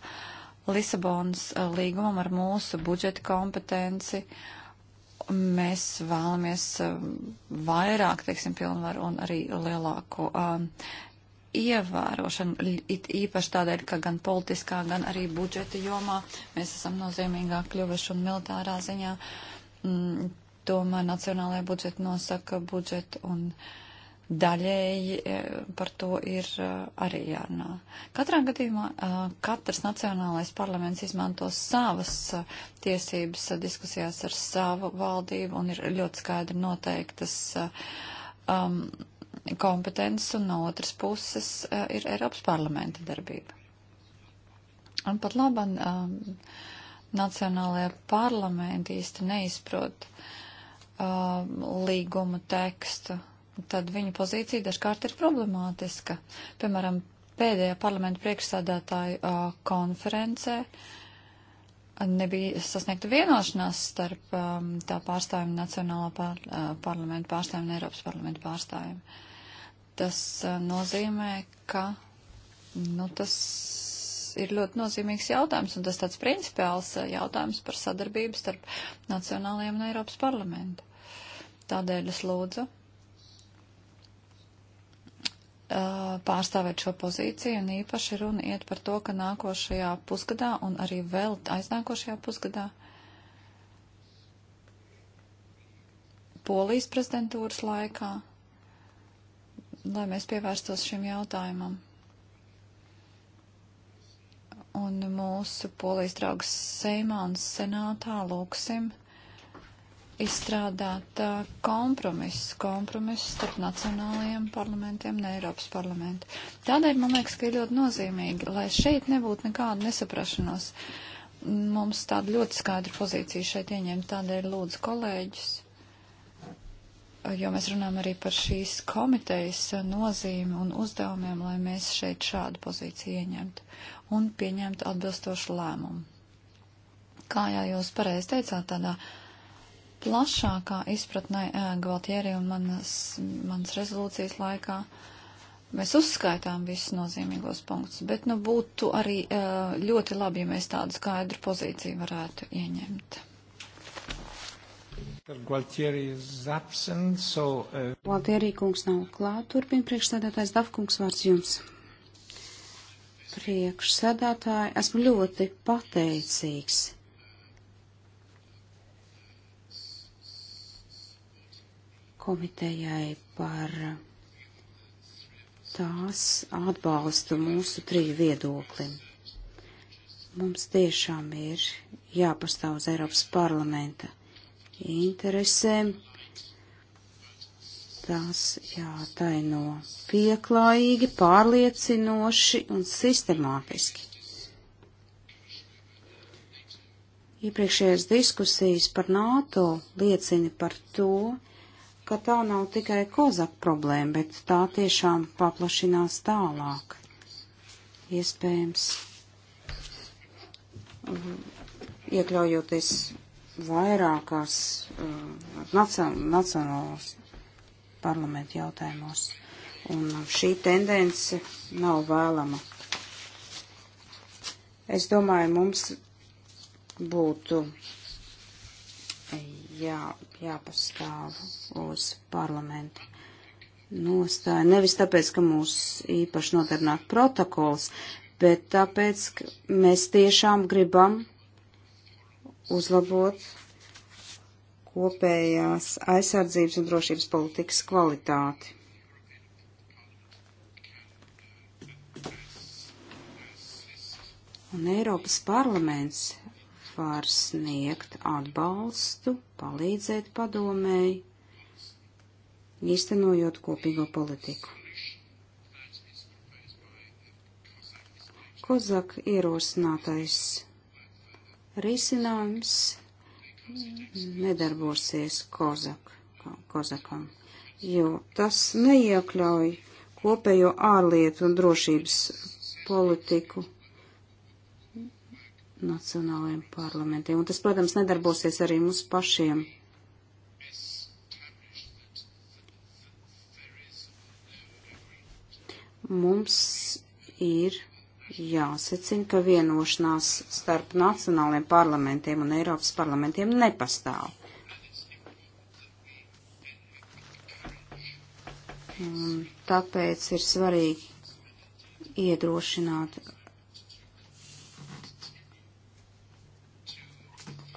Lisabonas līgumam ar mūsu budžeta kompetenci. Uh, mēs vēlamies um, vairāk, teiksim, pilnvaru un arī lielāku um, ievērošanu, it īpaši tādēļ, ka gan politiskā, gan arī budžeta jomā mēs esam nozīmīgāk kļuvuši un militārā ziņā. Mm, tomēr nacionālajā budžeta nosaka budžetu un uh, daļēji e, par to ir e, arī jārunā. Katrā gadījumā e, katrs nacionālais parlaments izmanto savas tiesības diskusijās ar savu valdību un ir ļoti skaidri noteiktas um, kompetences un no otras puses uh, ir Eiropas parlamenta darbība. Un pat labam um, nacionālajā parlamenta īsti neizprot uh, līguma tekstu tad viņa pozīcija dažkārt ir problemātiska. Piemēram, pēdējā parlamenta priekšsādātāju uh, konferencē nebija sasniegta vienošanās starp um, tā pārstāvjumu Nacionālā par, uh, parlamenta pārstāvjumu un Eiropas parlamenta pārstāvjumu. Tas uh, nozīmē, ka nu, tas ir ļoti nozīmīgs jautājums, un tas tāds principiāls uh, jautājums par sadarbību starp Nacionālajiem un Eiropas parlamentu. Tādēļ es lūdzu Uh, pārstāvēt šo pozīciju, un īpaši runa iet par to, ka nākošajā pusgadā un arī vēl aiznākošajā pusgadā Polijas prezidentūras laikā, lai mēs pievērstos šim jautājumam. Un mūsu polijas draugs Seimā un Senātā lūksim uh, izstrādāt kompromisu, uh, kompromisu starp nacionālajiem parlamentiem un Eiropas parlamentu. Tādēļ man liekas, ka ir ļoti nozīmīgi, lai šeit nebūtu nekāda nesaprašanos. Mums tāda ļoti skaidra pozīcija šeit ieņemt, tādēļ lūdzu kolēģus, uh, jo mēs runājam arī par šīs komitejas uh, nozīmi un uzdevumiem, lai mēs šeit šādu pozīciju ieņemtu un pieņemtu atbilstošu lēmumu. Kā jau jūs pareizi teicāt, tādā plašākā izpratnē eh, Gvaltieri un manas, manas rezolūcijas laikā mēs uzskaitām visus nozīmīgos punktus, bet nu būtu arī eh, ļoti labi, ja mēs tādu skaidru pozīciju varētu ieņemt. Gualtieri so, uh... kungs nav klāt, turpina priekšsēdētājs Dafkungs vārds jums. Priekšsēdētāji, esmu ļoti pateicīgs komitejai par tās atbalstu mūsu triju viedoklim. Mums tiešām ir jāpastāv uz Eiropas parlamenta interesēm. Tās jātaino pieklājīgi, pārliecinoši un sistemātiski. Iepriekšējās diskusijas par NATO liecina par to, ka tā nav tikai kozak problēma, bet tā tiešām paplašinās tālāk. Iespējams, uh, iekļaujoties vairākās uh, nacionālās parlamentu jautājumos. Un šī tendence nav vēlama. Es domāju, mums būtu jā, jāpastāv uz parlamentu nostāju. Nevis tāpēc, ka mūs īpaši nodarbināt protokols, bet tāpēc, ka mēs tiešām gribam uzlabot kopējās aizsardzības un drošības politikas kvalitāti. Un Eiropas parlaments var sniegt atbalstu, palīdzēt padomēji, īstenojot kopīgo politiku. Kozak ierosinātais risinājums nedarbosies Kozak, Kozakam, jo tas neiekļauj kopējo ārlietu un drošības politiku nacionālajiem parlamentiem. Un tas, protams, nedarbosies arī mums pašiem. Mums ir jāsacina, ka vienošanās starp nacionālajiem parlamentiem un Eiropas parlamentiem nepastāv. Un tāpēc ir svarīgi iedrošināt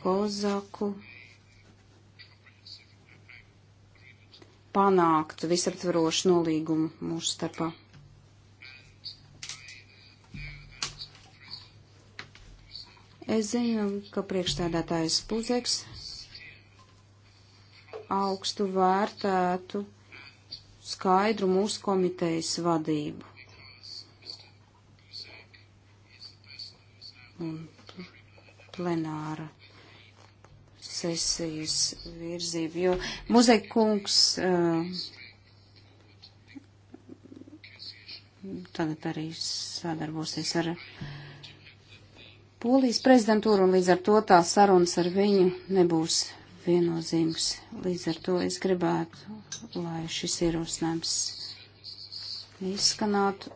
kozaku panākt visaptvarošu nolīgumu mūsu starpā. Es zinu, ka priekšstādātājs Puzeks augstu vērtētu skaidru mūsu komitejas vadību. Un plenāra sesijas virzību, jo muzeja kungs eh, tagad arī sadarbosies ar Polijas prezidentūru, un līdz ar to tā sarunas ar viņu nebūs viennozīmes. Līdz ar to es gribētu, lai šis ierosinājums izskanātu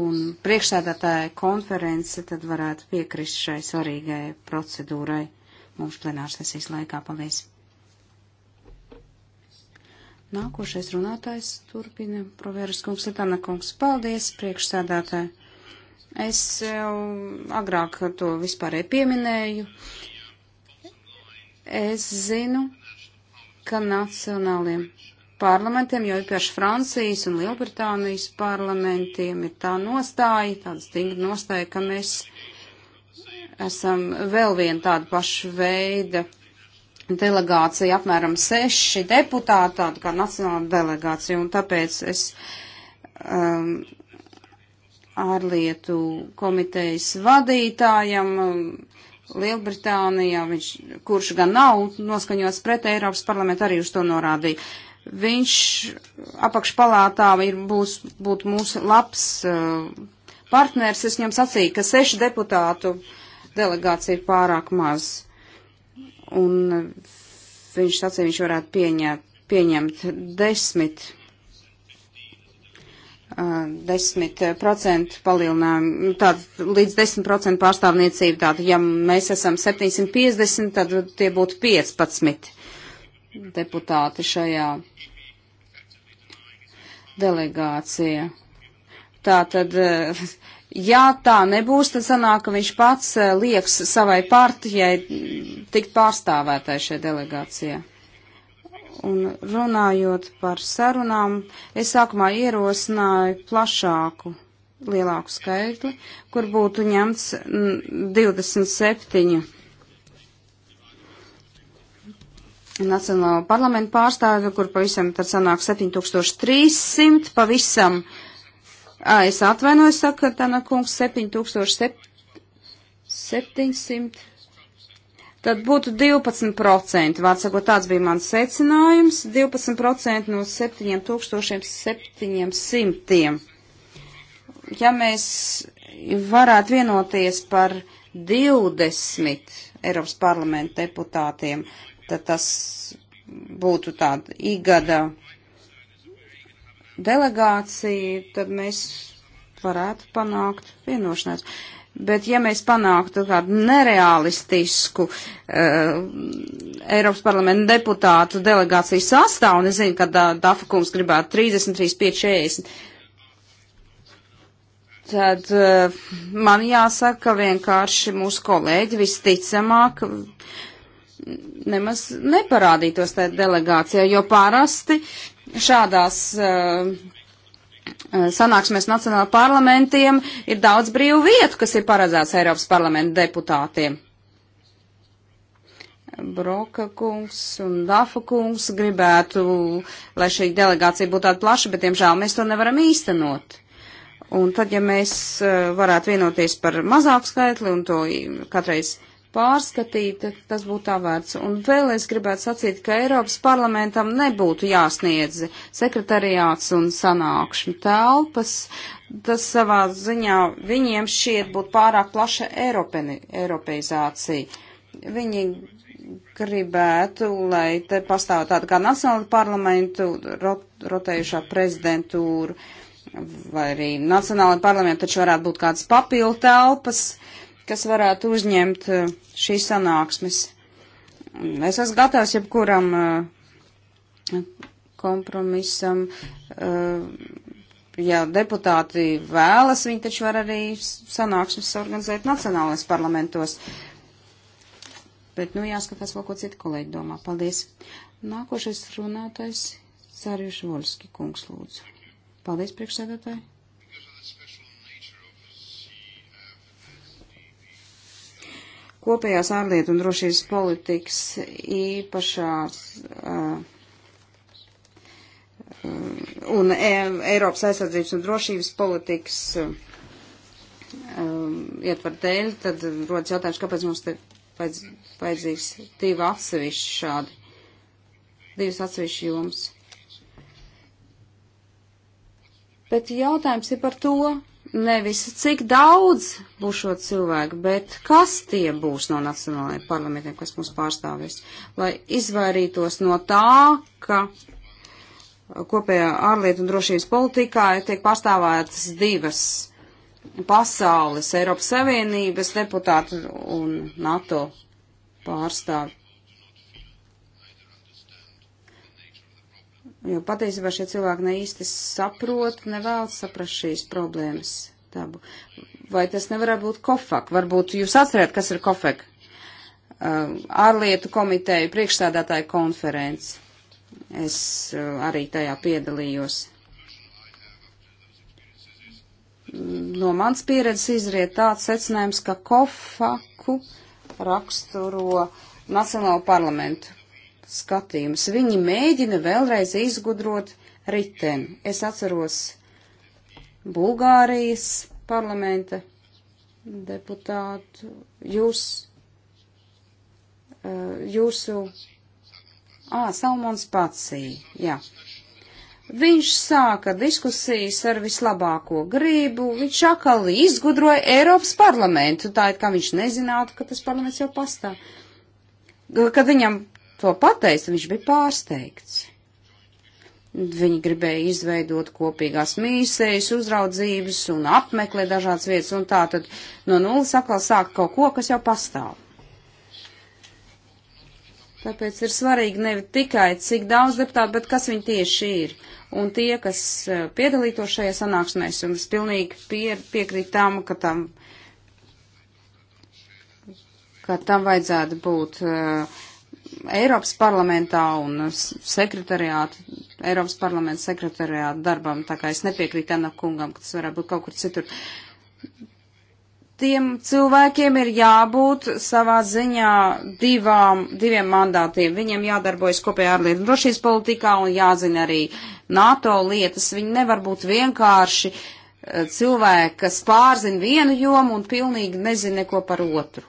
un priekšsēdētāja konference tad varētu piekrist šai svarīgai procedūrai mūsu plenārsesijas laikā. Paldies! Nākošais runātājs turpina Proveras kungs Litana kungs. Paldies, priekšsēdētāji! Es jau agrāk to vispārēji pieminēju. Es zinu, ka nacionāliem parlamentiem, jo īpaši Francijas un Lielbritānijas parlamentiem ir tā nostāja, tāda stingra nostāja, ka mēs esam vēl vienu tādu pašu veidu delegācija, apmēram seši deputāti, tāda kā nacionāla delegācija, un tāpēc es um, ārlietu komitejas vadītājam um, Lielbritānijā, viņš, kurš gan nav noskaņots pret Eiropas parlamentu, arī uz to norādīja. Viņš apakšpalātā ir būs, būtu mūsu labs uh, partners, es viņam sacīju, ka seši deputātu uh, delegācija ir pārāk maz. Un viņš sacīja, viņš varētu pieņemt, pieņemt desmit, uh, desmit procentu palielinājumu, nu, tātad līdz desmit procentu pārstāvniecību, tātad ja mēs esam 750, tad tie būtu 15 deputāti šajā delegācija. Tātad. Uh, Ja tā nebūs, tad sanāk, ka viņš pats e, lieks savai partijai tikt pārstāvētai šajā delegācijā. Un runājot par sarunām, es sākumā ierosināju plašāku, lielāku skaitli, kur būtu ņemts 27 Nacionālo parlamentu pārstāvi, kur pavisam tad sanāk 7300 pavisam Ā, es atvainojos, saka Tana kungs, 7700. Tad būtu 12%, vārdsakot, tāds bija mans secinājums, 12% no 7700. Ja mēs varētu vienoties par 20 Eiropas parlamenta deputātiem, tad tas būtu tāda igada delegāciju, tad mēs varētu panākt vienošanās. Bet ja mēs panāktu kādu nereālistisku uh, eh, Eiropas parlamenta deputātu delegāciju sastāvu, un es zinu, ka uh, Dafa kungs gribētu 33, 5, 40, tad uh, man jāsaka, ka vienkārši mūsu kolēģi visticamāk nemaz neparādītos tajā delegācijā, jo parasti uh, šādās uh, sanāksmēs nacionāla parlamentiem ir daudz brīvu vietu, kas ir paredzēts Eiropas parlamenta deputātiem. Broka kungs un Dafa kungs gribētu, lai šī delegācija būtu tāda plaša, bet, diemžēl, mēs to nevaram īstenot. Un tad, ja mēs eh, varētu vienoties par mazāku skaitli un to katreiz pārskatīta, tas būtu tā vērts. Un vēl es gribētu sacīt, ka Eiropas parlamentam nebūtu jāsniedz sekretariāts un sanākšņu telpas. Tas savā ziņā viņiem šiet būtu pārāk plaša Eiropeni, eiropeizācija. Viņi gribētu, lai te pastāv tāda kā nacionāla parlamentu rot, rotējušā prezidentūra vai arī nacionāla parlamenta, taču varētu būt kādas papildu telpas. Uh, kas varētu uzņemt eh, šīs sanāksmes. Es esmu gatavs jebkuram eh, kompromisam. Eh, ja deputāti vēlas, viņi taču var arī sanāksmes organizēt nacionālais parlamentos. Bet, nu, jāskatās, vēl ko citu kolēģi domā. Paldies. Nākošais runātais Sārijuši Voļski kungs lūdzu. Paldies, priekšsēdētāji. kopējās ārlietu un drošības politikas īpašās uh, uh, un e Eiropas aizsardzības un drošības politikas uh, um, ietver dēļ, tad rodas jautājums, kāpēc mums te vajadz, vajadzīgs divi atsevišķi šādi, divas atsevišķi jomas. Bet jautājums ir par to, nevis cik daudz būs šo cilvēku, bet kas tie būs no nacionālajiem parlamentiem, kas mūs pārstāvēs, lai izvairītos no tā, ka kopējā ārlietu un drošības politikā tiek pārstāvētas divas pasaules, Eiropas Savienības deputāti un NATO pārstāvi. Jo patiesībā šie cilvēki ne īsti saprot, nevēlas saprast šīs problēmas dabu. Vai tas nevarētu būt kofak? Varbūt jūs atcerat, kas ir kofak? Uh, ārlietu komiteju priekšstādātāju konferences. Es uh, arī tajā piedalījos. No mans pieredzes izriet tāds secinājums, ka kofaku raksturo Nacionālo parlamentu skatījumus. Viņi mēģina vēlreiz izgudrot riteni. Es atceros Bulgārijas parlamenta deputātu. Jūs, eh, jūsu, ā, Salmons Patsī, jā. Viņš sāka diskusijas ar vislabāko gribu, viņš atkal izgudroja Eiropas parlamentu, tā it kā viņš nezinātu, ka tas parlaments jau pastāv. Kad viņam to pateica, viņš bija pārsteigts. Viņi gribēja izveidot kopīgās mīsējas, uzraudzības un apmeklēt dažādas vietas, un tā tad no nulles atkal sākt kaut ko, kas jau pastāv. Tāpēc ir svarīgi ne tikai, cik daudz deputātu, bet kas viņi tieši ir. Un tie, kas eh, piedalītos šajā sanāksmēs, un es pilnīgi pie, piekrītu tam, ka tam, ka tam vajadzētu būt uh, Eiropas parlamentā un sekretariātu, Eiropas parlamenta sekretariātu darbam, tā kā es nepiekrītu Anna kungam, ka tas varētu būt kaut kur citur. Tiem cilvēkiem ir jābūt savā ziņā divām, diviem mandātiem. Viņiem jādarbojas kopējā ārlietu un drošības politikā un jāzina arī NATO lietas. Viņi nevar būt vienkārši eh, cilvēki, kas pārzina vienu jomu un pilnīgi nezina neko par otru.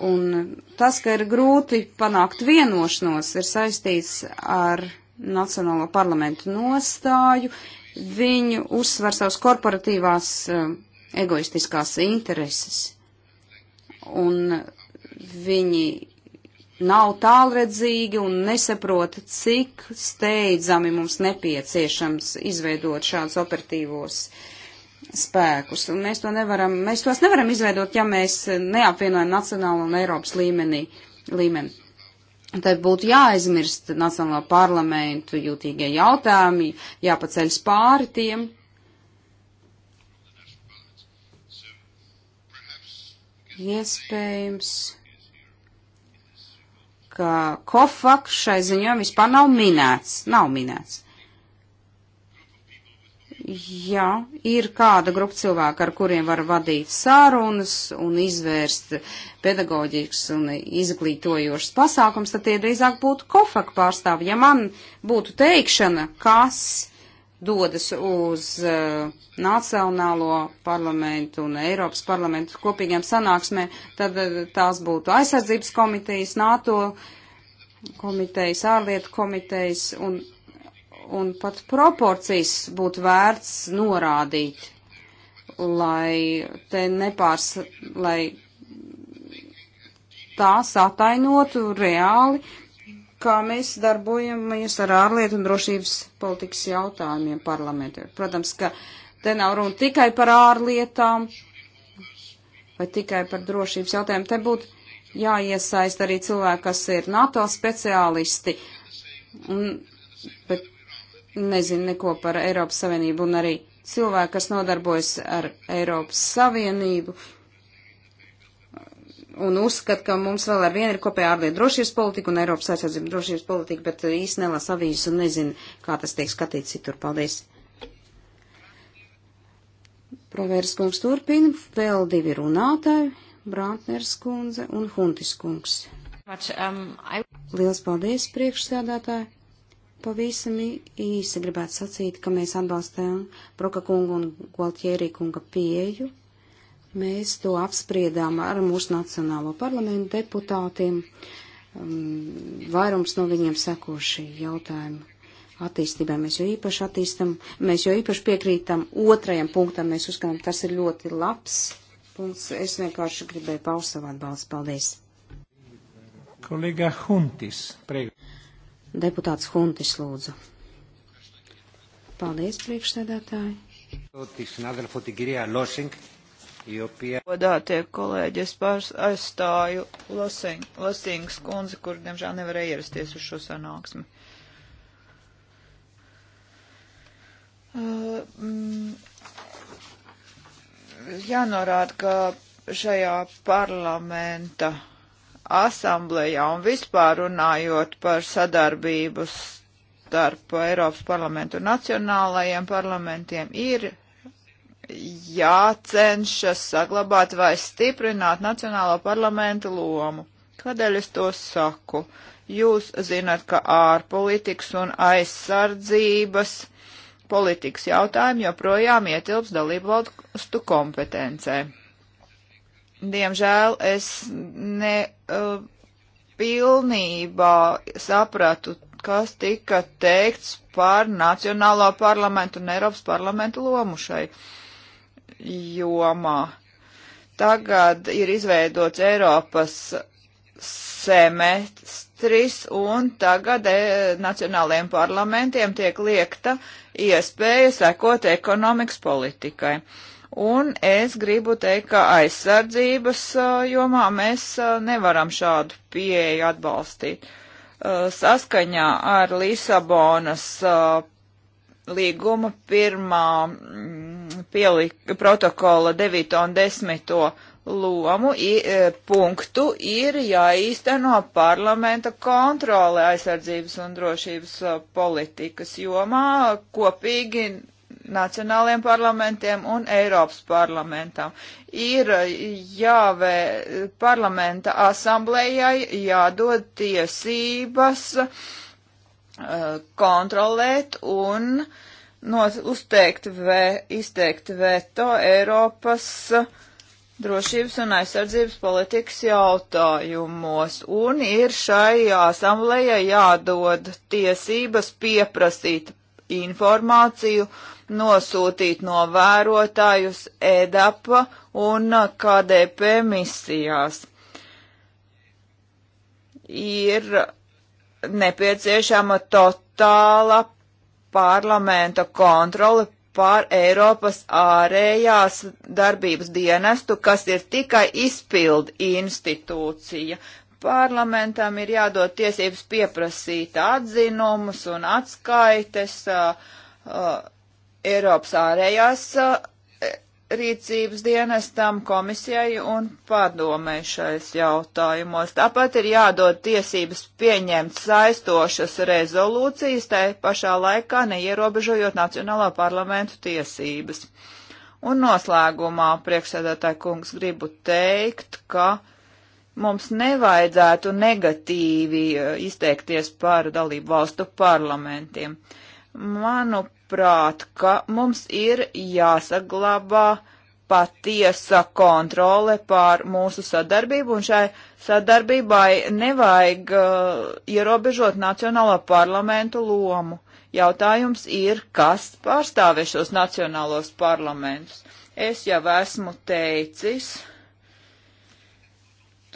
Un tas, ka ir grūti panākt vienošanos, ir saistīts ar Nacionālo parlamentu nostāju, viņu uzsver savas korporatīvās eh, egoistiskās intereses. Un viņi nav tālredzīgi un nesaprot, cik steidzami mums nepieciešams izveidot šādus operatīvos uh, spēkus. Un mēs, to nevaram, mēs tos nevaram izveidot, ja mēs neapvienojam nacionālu un Eiropas līmenī, līmeni. Tad būtu jāaizmirst Nacionālo parlamentu jūtīgie jautājumi, jāpaceļ pāri tiem. Iespējams, ka Kofak šai ziņojumā vispār nav minēts. Nav minēts ja ir kāda grupa cilvēku, ar kuriem var vadīt sārunas un izvērst pedagoģikas un izglītojošas pasākums, tad tie drīzāk būtu kofaka pārstāvi. Ja man būtu teikšana, kas dodas uz uh, Nacionālo parlamentu un Eiropas parlamentu kopīgiem sanāksmē, tad uh, tās būtu aizsardzības komitejas, NATO komitejas, ārlietu komitejas un un pat proporcijas būtu vērts norādīt, lai te nepārs, lai tās atainotu reāli, kā mēs darbojamies ar ārlietu un drošības politikas jautājumiem parlamentē. Protams, ka te nav runa tikai par ārlietām vai tikai par drošības jautājumiem. Te būtu jāiesaist arī cilvēki, kas ir NATO speciālisti. Un, bet nezina neko par Eiropas Savienību, un arī cilvēki, kas nodarbojas ar Eiropas Savienību, un uzskata, ka mums vēl ar vienu ir kopējā ārlietu drošības politika un Eiropas aizsardzības drošības politika, bet uh, īsti nelas avīzes un nezina, kā tas tiek skatīts citur. Paldies! Provērs kungs turpina, vēl divi runātāji, Brantners kundze un Huntis kungs. Um, Liels paldies, priekšsēdētāji! Pavisam īsi gribētu sacīt, ka mēs atbalstām Broka kungu un Gualtjērī kunga pieju. Mēs to apspriedām ar mūsu nacionālo parlamentu deputātiem. Um, vairums no viņiem seko šī jautājuma attīstībai. Mēs jau īpaši attīstam, mēs jau īpaši piekrītam otrajam punktam. Mēs uzskatām, tas ir ļoti labs punkts. Es vienkārši gribēju paust savu atbalstu. Paldies! Kolēģa Huntis, priekš. Deputāts Huntis lūdzu. Paldies, priekšsēdētāji. Godātie kolēģi, es pārs aizstāju Lasīngas kundzi, kur, diemžēl, nevarēja ierasties uz šo sanāksmi. Uh, mm, jānorāda, ka šajā parlamenta asamblējā un vispār runājot par sadarbību starp Eiropas parlamentu un nacionālajiem parlamentiem ir jācenšas saglabāt vai stiprināt nacionālo parlamentu lomu. Kādēļ es to saku? Jūs zināt, ka ārpolitikas un aizsardzības politikas jautājumi joprojām ietilps dalību valstu kompetencē diemžēl es ne uh, pilnībā sapratu, kas tika teikts par Nacionālo parlamentu un Eiropas parlamentu lomu šai jomā. Tagad ir izveidots Eiropas semestris, un tagad e, nacionālajiem parlamentiem tiek liekta iespēja sekot ekonomikas politikai. Uh, Un es gribu teikt, ka aizsardzības jomā mēs nevaram šādu pieeju atbalstīt. Saskaņā ar Lisabonas līguma pirmā mm, pielika, protokola 9 un 10 lomu i, punktu ir jāīsteno parlamenta kontrole aizsardzības un drošības politikas jomā kopīgi nacionāliem parlamentiem un Eiropas parlamentam. Ir jāvē parlamenta asamblējai jādod tiesības eh, kontrolēt un no, uzteikt vē, izteikt veto Eiropas drošības un aizsardzības politikas jautājumos, un ir šai asamblējai jādod tiesības pieprasīt informāciju nosūtīt novērotājus EDAPA un KDP misijās. Ir nepieciešama totāla parlamenta kontrole pār Eiropas ārējās darbības dienestu, kas ir tikai izpildu institūcija. Parlamentam ir jādod tiesības pieprasīt atzinumus un atskaites. Uh, uh, Eiropas ārējās eh, rīcības dienestam, komisijai un pārdomai šais jautājumos. Tāpat ir jādod tiesības pieņemt saistošas rezolūcijas, tai pašā laikā neierobežojot Nacionālā parlamentu tiesības. Un noslēgumā, priekšsēdētāji kungs, gribu teikt, ka mums nevajadzētu negatīvi eh, izteikties par dalību valstu parlamentiem. Manuprāt, prāt, ka mums ir jāsaglabā patiesa kontrole pār mūsu sadarbību, un šai sadarbībai nevajag uh, ierobežot Nacionālo parlamentu lomu. Jautājums ir, kas pārstāvēs šos nacionālos parlamentus. Es jau esmu teicis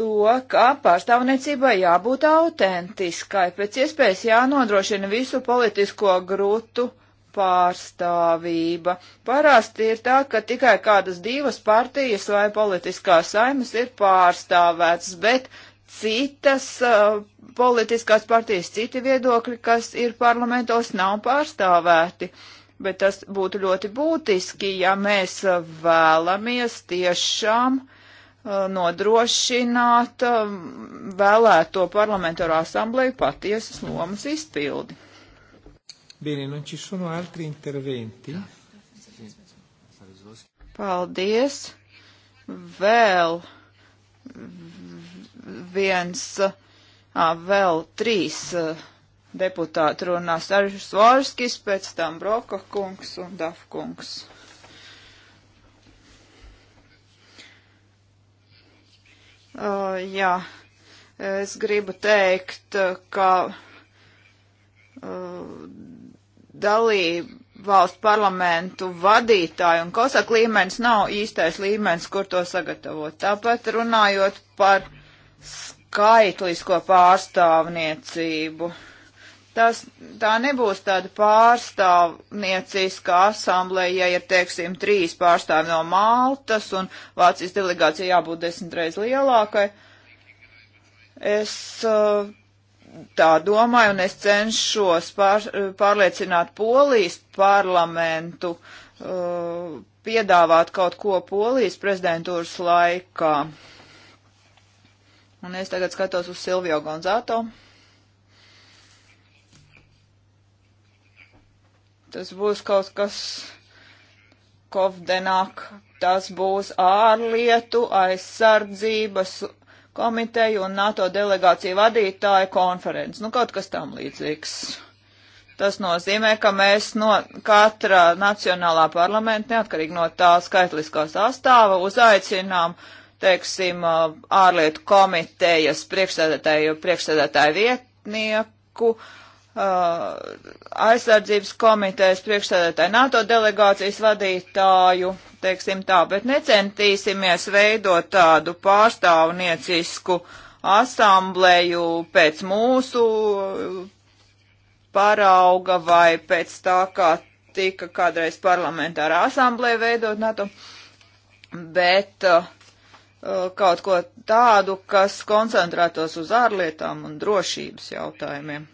to, ka pārstāvniecībai jābūt autentiskai, pēc iespējas jānodrošina visu politisko grūtu uh, pārstāvība. Parasti ir tā, ka tikai kādas divas partijas vai politiskās saimas ir pārstāvētas, bet citas uh, politiskās partijas, citi viedokļi, kas ir parlamentos, nav pārstāvēti. Bet tas būtu ļoti būtiski, ja mēs uh, vēlamies tiešām uh, nodrošināt uh, vēlēto parlamentāro asambleju patiesas lomas izpildi. Bene, non ci sono altri interventi. Paldies. Vēl viens, ā, vēl trīs deputāti runās. Aržis Vārskis, pēc tam Broka kungs un Daf kungs. Uh, jā, es gribu teikt, ka uh, dalību valstu parlamentu vadītāju, un Kosaka līmenis nav īstais līmenis, kur to sagatavot. Tāpat runājot par skaitlisko pārstāvniecību. Tas, tā nebūs tāda pārstāvnieciska asamblēja, ja ir, teiksim, trīs pārstāvi no Maltas un Vācijas delegācija jābūt desmitreiz lielākai. Es uh, tā domāju, un es cenšos pār, pārliecināt Polijas parlamentu, uh, piedāvāt kaut ko Polijas prezidentūras laikā. Un es tagad skatos uz Silvio Gonzato. Tas būs kaut kas Kovdenāk. Tas būs ārlietu, aizsardzības komiteju un NATO delegāciju vadītāju konferenci. Nu, kaut kas tam līdzīgs. Tas nozīmē, ka mēs no katra nacionālā parlamenta, neatkarīgi no tā skaitliskā sastāva, uzaicinām, teiksim, ārlietu komitejas priekšsēdētāju, priekšsēdētāju vietnieku, uh, Uh, aizsardzības komitejas priekšsēdētāju NATO delegācijas vadītāju, teiksim tā, bet necentīsimies veidot tādu pārstāvniecisku asamblēju pēc mūsu parauga vai pēc tā, kā tika kādreiz parlamentāra asamblēja veidot NATO, bet uh, uh, kaut ko tādu, kas koncentrētos uz ārlietām un drošības jautājumiem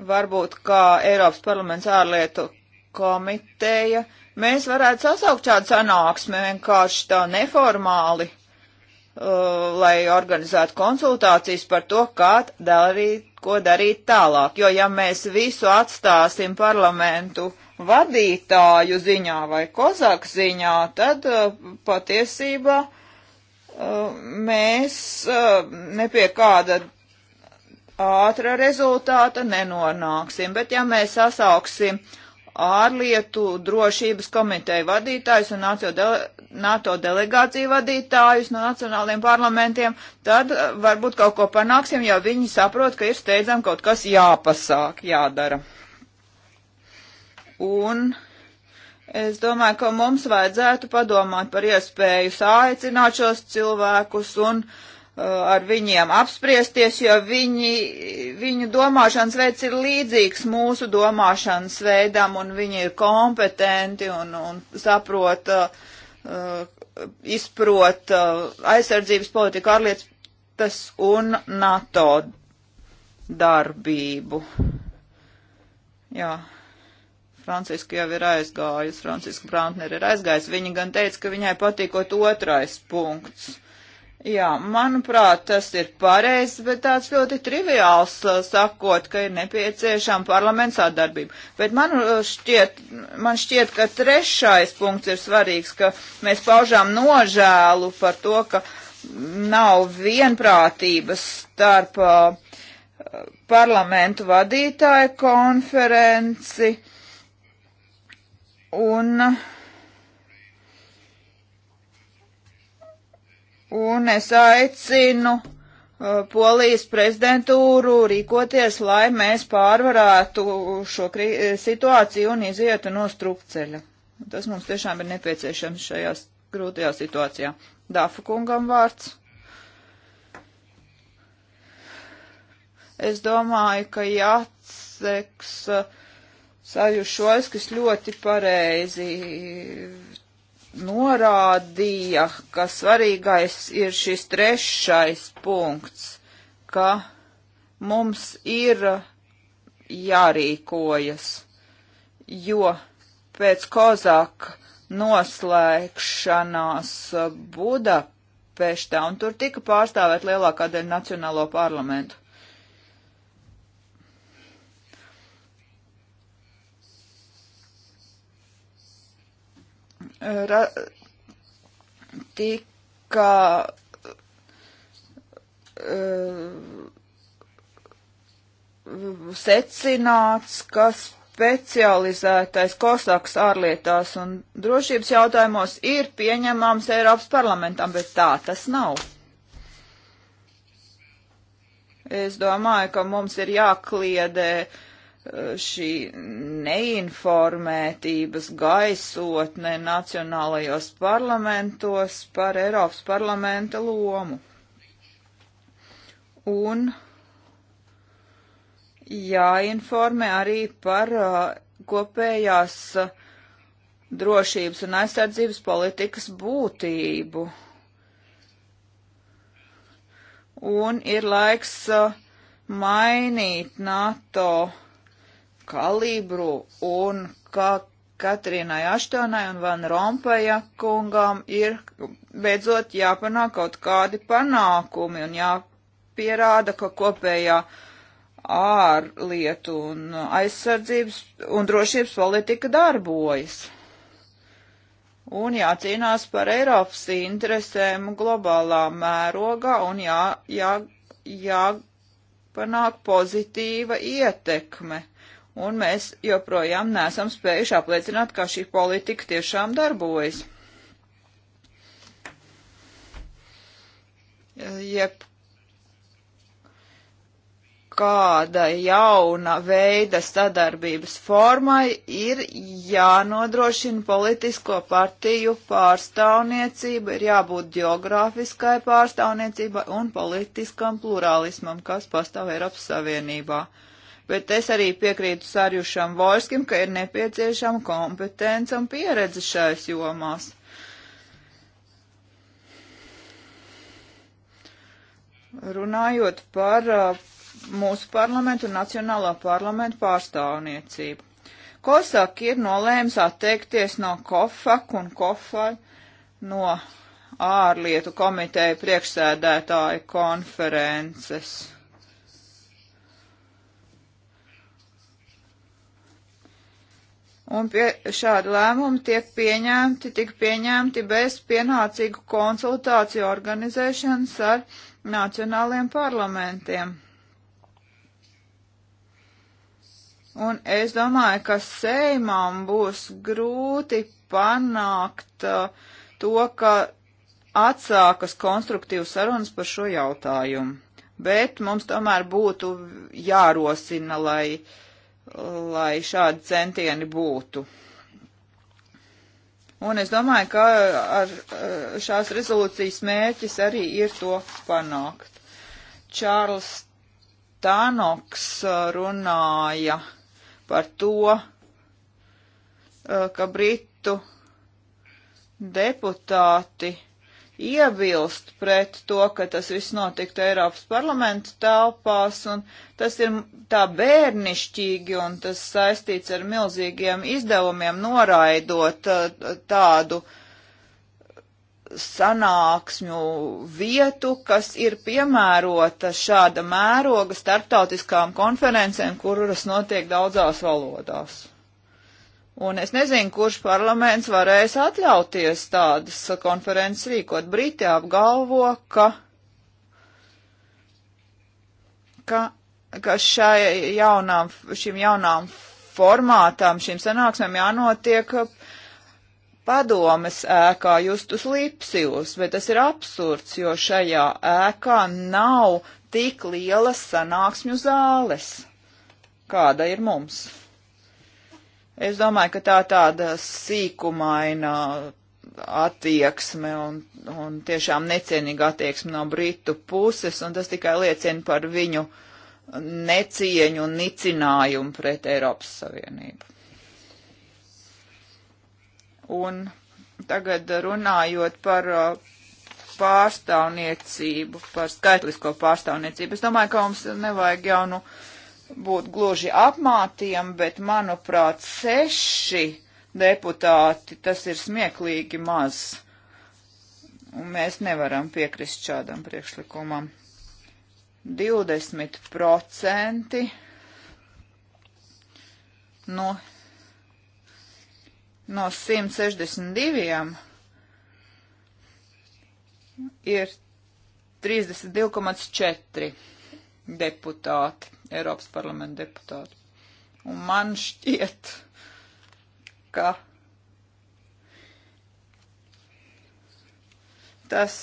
varbūt kā Eiropas parlaments ārlietu komiteja, mēs varētu sasaukt šādu sanāksmi vienkārši tā neformāli, uh, lai organizētu konsultācijas par to, kā darīt, ko darīt tālāk. Jo ja mēs visu atstāsim parlamentu vadītāju ziņā vai kozaku ziņā, tad uh, patiesībā uh, mēs uh, nepie kāda ātra rezultāta nenonāksim, bet ja mēs sasauksim ārlietu drošības komiteju vadītājus un NATO delegāciju vadītājus no nacionāliem parlamentiem, tad eh, varbūt kaut ko panāksim, jo viņi saprot, ka ir steidzam kaut kas jāpasāk, jādara. Un es domāju, ka mums vajadzētu padomāt par iespēju sāicināt šos cilvēkus un uh, Uh, ar viņiem apspriesties, jo viņi, viņu domāšanas veids ir līdzīgs mūsu domāšanas veidam, un viņi ir kompetenti un, un saprot, uh, izprot uh, aizsardzības politiku, ārlietas un NATO darbību. Jā. Franciska jau ir aizgājusi, Franciska Brantner ir aizgājusi. Viņa gan teica, ka viņai patīkot otrais punkts Jā, manuprāt, tas ir pareizi, bet tāds ļoti triviāls uh, sakot, ka ir nepieciešama parlaments atdarbība. Bet man uh, šķiet, man šķiet, ka trešais punkts ir svarīgs, ka mēs paužām nožēlu par to, ka nav vienprātības starp uh, parlamentu vadītāju konferenci un uh, un es aicinu uh, Polijas prezidentūru rīkoties, lai mēs pārvarētu šo eh, situāciju un izietu no strupceļa. Tas mums tiešām ir nepieciešams šajā grūtajā situācijā. Dāfa kungam vārds. Es domāju, ka Jaceks uh, Sajūšois, kas ļoti pareizi norādīja, ka svarīgais ir šis trešais punkts, ka mums ir jārīkojas, jo pēc Kozaka noslēgšanās Budapeštā, un tur tika pārstāvēt lielākā daļa nacionālo parlamentu ra, tika uh, secināts, ka specializētais kosaks ārlietās un drošības jautājumos ir pieņemams Eiropas parlamentam, bet tā tas nav. Es domāju, ka mums ir jākliedē uh, šī neinformētības gaisotne nacionālajos parlamentos par Eiropas parlamenta lomu. Un jāinformē arī par uh, kopējās uh, drošības un aizsardzības politikas būtību. Un ir laiks uh, mainīt NATO kalibru un kā Katrīnai Aštonai un Van Rompaja kungam ir beidzot jāpanāk kaut kādi panākumi un jāpierāda, ka kopējā ārlietu un aizsardzības un drošības politika darbojas. Un jācīnās par Eiropas interesēm globālā mērogā un jā, jā, jāpanāk pozitīva ietekme un mēs joprojām nesam spējuši apliecināt, ka šī politika tiešām darbojas. Jeb kāda jauna veida sadarbības formai ir jānodrošina politisko partiju pārstāvniecība, ir jābūt geogrāfiskai pārstāvniecībai un politiskam plurālismam, kas pastāv Eiropas Savienībā. Uh, bet es arī piekrītu Sarjušam Vorskim, ka ir nepieciešama kompetence un pieredze šais jomās. Runājot par uh, mūsu parlamentu un Nacionālā parlamentu pārstāvniecību. Kosak ir nolēms atteikties no Kofak un Kofai no ārlietu komiteja priekšsēdētāja konferences. Un pie, šādi lēmumi tiek pieņemti, tik pieņemti bez pienācīgu konsultāciju organizēšanas ar nacionāliem parlamentiem. Un es domāju, ka Seimam būs grūti panākt uh, to, ka atsākas konstruktīvas sarunas par šo jautājumu. Bet mums tomēr būtu jārosina, lai uh, lai šādi centieni būtu. Un es domāju, ka ar eh, šās rezolūcijas mērķis arī ir to panākt. Čārls Tanoks eh, runāja par to, eh, ka britu deputāti uh, iebilst pret to, ka tas viss notiktu Eiropas parlamenta telpās, un tas ir tā bērnišķīgi, un tas saistīts ar milzīgiem izdevumiem, noraidot uh, tādu sanāksmju vietu, kas ir piemērota šāda mēroga starptautiskām konferencēm, kuras notiek daudzās valodās. Un es nezinu, kurš parlaments varēs atļauties tādas konferences rīkot. Briti apgalvo, ka, ka, ka šai jaunām, šīm jaunām formātām, šīm sanāksmēm jānotiek padomes ēkā Justus Lipsijus, bet tas ir absurds, jo šajā ēkā nav tik lielas sanāksmju zāles, kāda ir mums. Es domāju, ka tā tāda sīkumaina attieksme un, un tiešām necienīga attieksme no Britu puses, un tas tikai liecina par viņu necieņu un nicinājumu pret Eiropas Savienību. Un tagad runājot par uh, pārstāvniecību, par skaitlisko pārstāvniecību, es domāju, ka mums nevajag jaunu. No būt gluži apmātiem, bet manuprāt, seši deputāti tas ir smieklīgi maz. Un mēs nevaram piekrist šādam priekšlikumam. 20% nu, no, no 162 ir 32,4 deputāti. Eiropas parlamenta deputāti. Un man šķiet, ka tas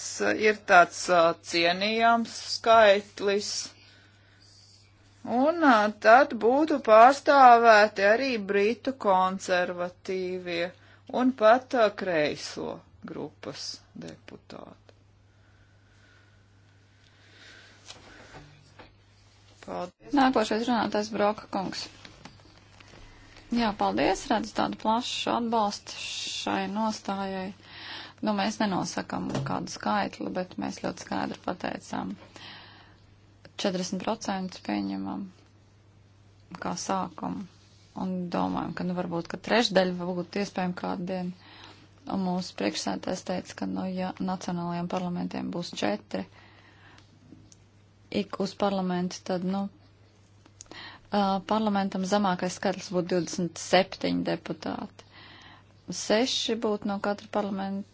ir tāds cienījams skaitlis. Un tad būtu pārstāvēti arī britu konservatīvie un pat kreiso grupas deputāti. Paldies. Nākošais runātājs Broka kungs. Jā, paldies, redz tādu plašu atbalstu šai nostājai. Nu, mēs nenosakam kādu skaitli, bet mēs ļoti skaidri pateicām. 40% pieņemam kā sākumu un domājam, ka nu varbūt, ka trešdaļa varbūt iespējami kādu dienu. Un mūsu priekšsētājs teica, ka, nu, ja nacionālajiem parlamentiem būs četri, ik uz parlamentu, tad, nu, parlamentam zemākais skatlis būtu 27 deputāti. Seši būtu no katra parlamenta,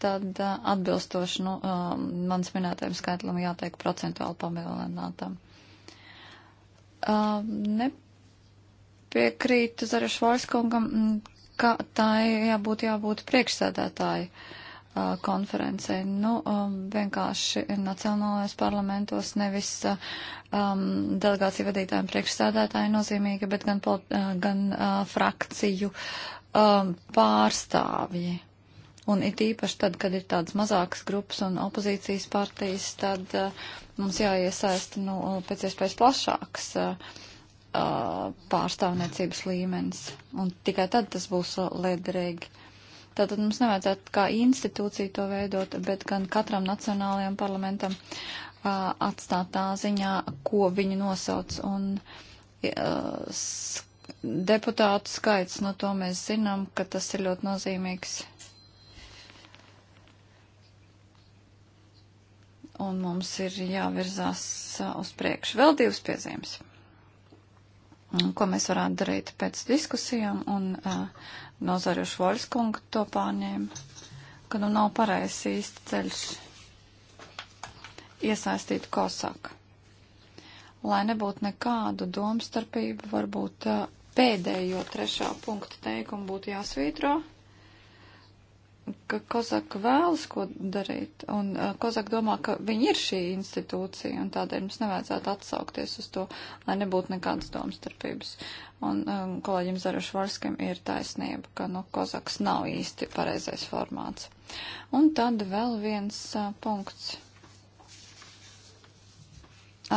tad atbilstoši nu, mans minētajam skaitlim jātiek procentuāli pamielinātam. Nepiekrītu Zarešu Vārskungam, ka tā jābūt, jābūt priekšsēdētāji. Uh, konferencē. Nu, vienkārši nacionālajos parlamentos nevis um, delegāciju vadītājiem priekšsēdētāji nozīmīgi, bet gan, gan uh, frakciju um, pārstāvji. Un it īpaši tad, kad ir tādas mazākas grupas un opozīcijas partijas, tad uh, mums jāiesaista nu, pēc iespējas plašāks uh, pārstāvniecības līmenis. Un tikai tad tas būs liederīgi. Tātad mums nevajadzētu kā institūciju to veidot, bet gan katram nacionālajam parlamentam uh, atstāt tā ziņā, ko viņi nosauc. Un, uh, deputātu skaits, no to mēs zinām, ka tas ir ļoti nozīmīgs. Un mums ir jāvirzās uz priekšu vēl divas piezīmes, ko mēs varētu darīt pēc diskusijām un uh, nozaru Švoļskunga to pārņēma, ka nu nav pareizs īsti ceļš iesaistīt kosaku. Lai nebūtu nekādu domstarpību, varbūt pēdējo trešā punkta teikumu būtu jāsvītro ka Kozaka vēlas ko darīt, un uh, eh, Kozaka domā, ka viņi ir šī institūcija, un tādēļ mums nevajadzētu atsaukties uz to, lai nebūtu nekādas domstarpības. Un um, kolēģim Zarušvarskim ir taisnība, ka, nu, Kozaks nav īsti pareizais formāts. Un tad vēl viens uh, punkts.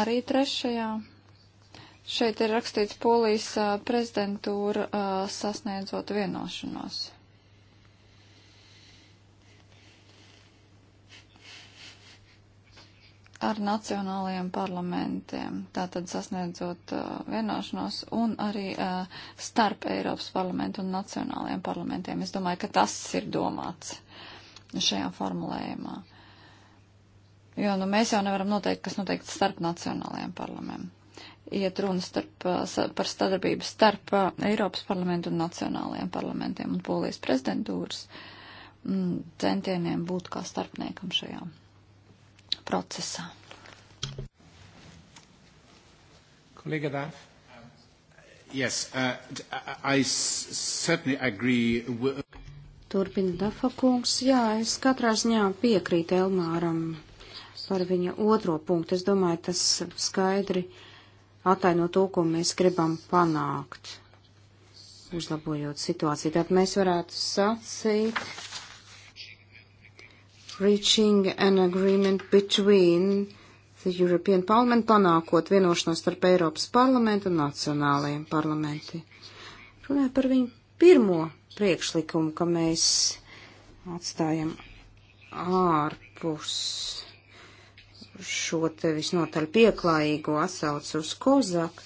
Arī trešajā. Šeit ir rakstīts polijas uh, prezidentūra uh, sasniedzot vienošanos. ar nacionālajiem parlamentiem, tātad sasniedzot uh, vienošanos un arī uh, starp Eiropas parlamentu un nacionālajiem parlamentiem. Es domāju, ka tas ir domāts šajā formulējumā. Jo nu, mēs jau nevaram noteikt, kas noteikti starp nacionālajiem parlamentiem. Iet runa starp, uh, par sadarbību starp uh, Eiropas parlamentu un nacionālajiem parlamentiem un polijas prezidentūras mm, centieniem būt kā starpniekam šajām procesā. Kolēģa Dārf. Uh, yes, uh, I certainly agree. Turpina Dafa kungs. Jā, es katrā ziņā piekrītu Elmāram par viņa otro punktu. Es domāju, tas skaidri ataino to, ko mēs gribam panākt, uzlabojot situāciju. Tad mēs varētu sacīt, reaching an agreement between the European Parliament panākot vienošanos starp Eiropas parlamentu un nacionālajiem parlamenti. Runāju par viņu pirmo priekšlikumu, ka mēs atstājam ārpus šo te visnotaļ pieklājīgo atsaucu uz Kozaku.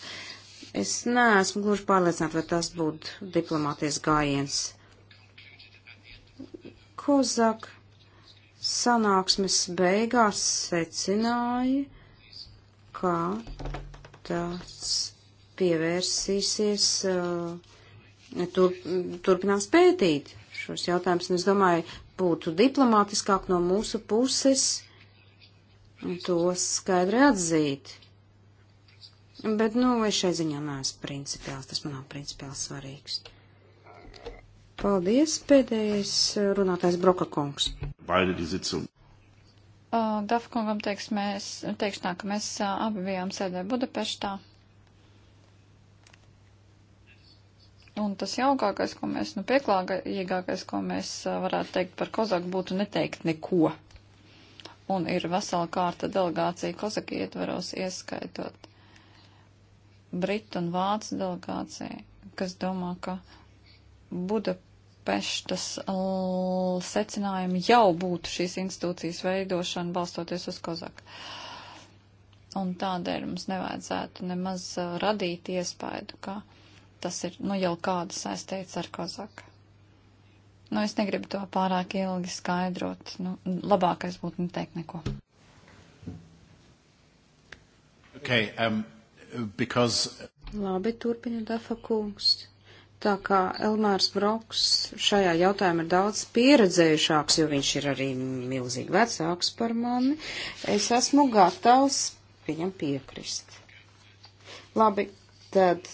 Es neesmu gluži pārliecināta, vai tas būtu diplomātijas gājiens. Kozak sanāksmes beigās secināja, ka tas pievērsīsies, uh, tur, turpinās pētīt šos jautājumus. Un es domāju, būtu diplomātiskāk no mūsu puses to skaidri atzīt. Bet, nu, es šai ziņā neesmu principiāls, tas man nav principiāls svarīgs. Paldies, pēdējais eh, runātājs Broka kungs. Dafkungam teiks, mēs, teiks tā, ka mēs abi bijām sēdē Budapeštā. Un tas jaukākais, ko mēs, nu pieklāgākais, ko mēs varētu teikt par Kozaku, būtu neteikt neko. Un ir vesela kārta delegācija Kozaka ietveros, ieskaitot Britu un Vācu delegāciju, kas domā, ka Budapeštas secinājumi jau būtu šīs institūcijas veidošana balstoties uz Kozaku. Un tādēļ mums nevajadzētu nemaz radīt iespēju, ka tas ir nu, jau kāda saistīts ar Kozaku. Nu, es negribu to pārāk ilgi skaidrot. Nu, labākais būtu neteikt nu neko. Okay, um, because... Labi, turpina Dafa kungs. Tā kā Elmārs Broks šajā jautājumā ir daudz pieredzējušāks, jo viņš ir arī milzīgi vecāks par mani, es esmu gatavs viņam piekrist. Labi, tad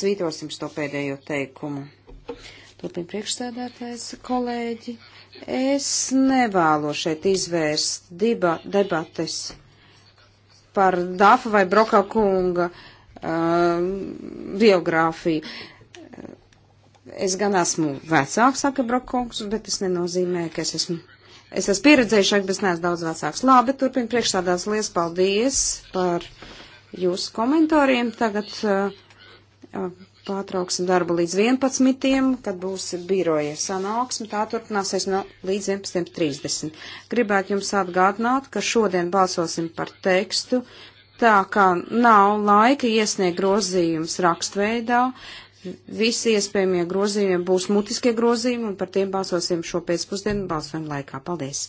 svītosim to pēdējo teikumu. Turpin priekšstādātais kolēģi. Es nevēlu šeit izvērst diba, debates par Dāfa vai Broka kunga uh, biogrāfiju. Uh, Es gan esmu vecāks, saka Brokungs, bet tas nenozīmē, ka es esmu. Es esmu pieredzējušāk, bet es neesmu daudz vecāks. Labi, turpin priekšstādās liels paldies par jūsu komentāriem. Tagad uh, uh pārtrauksim darbu līdz 11, kad būs biroja sanāksme. Tā turpināsies no līdz 11.30. Gribētu jums atgādināt, ka šodien balsosim par tekstu, tā kā nav laika iesniegt grozījums rakstveidā. Uh, visi iespējamie grozījumi būs mutiskie grozījumi, un par tiem balsosim šo pēcpusdienu balsojumu laikā. Paldies!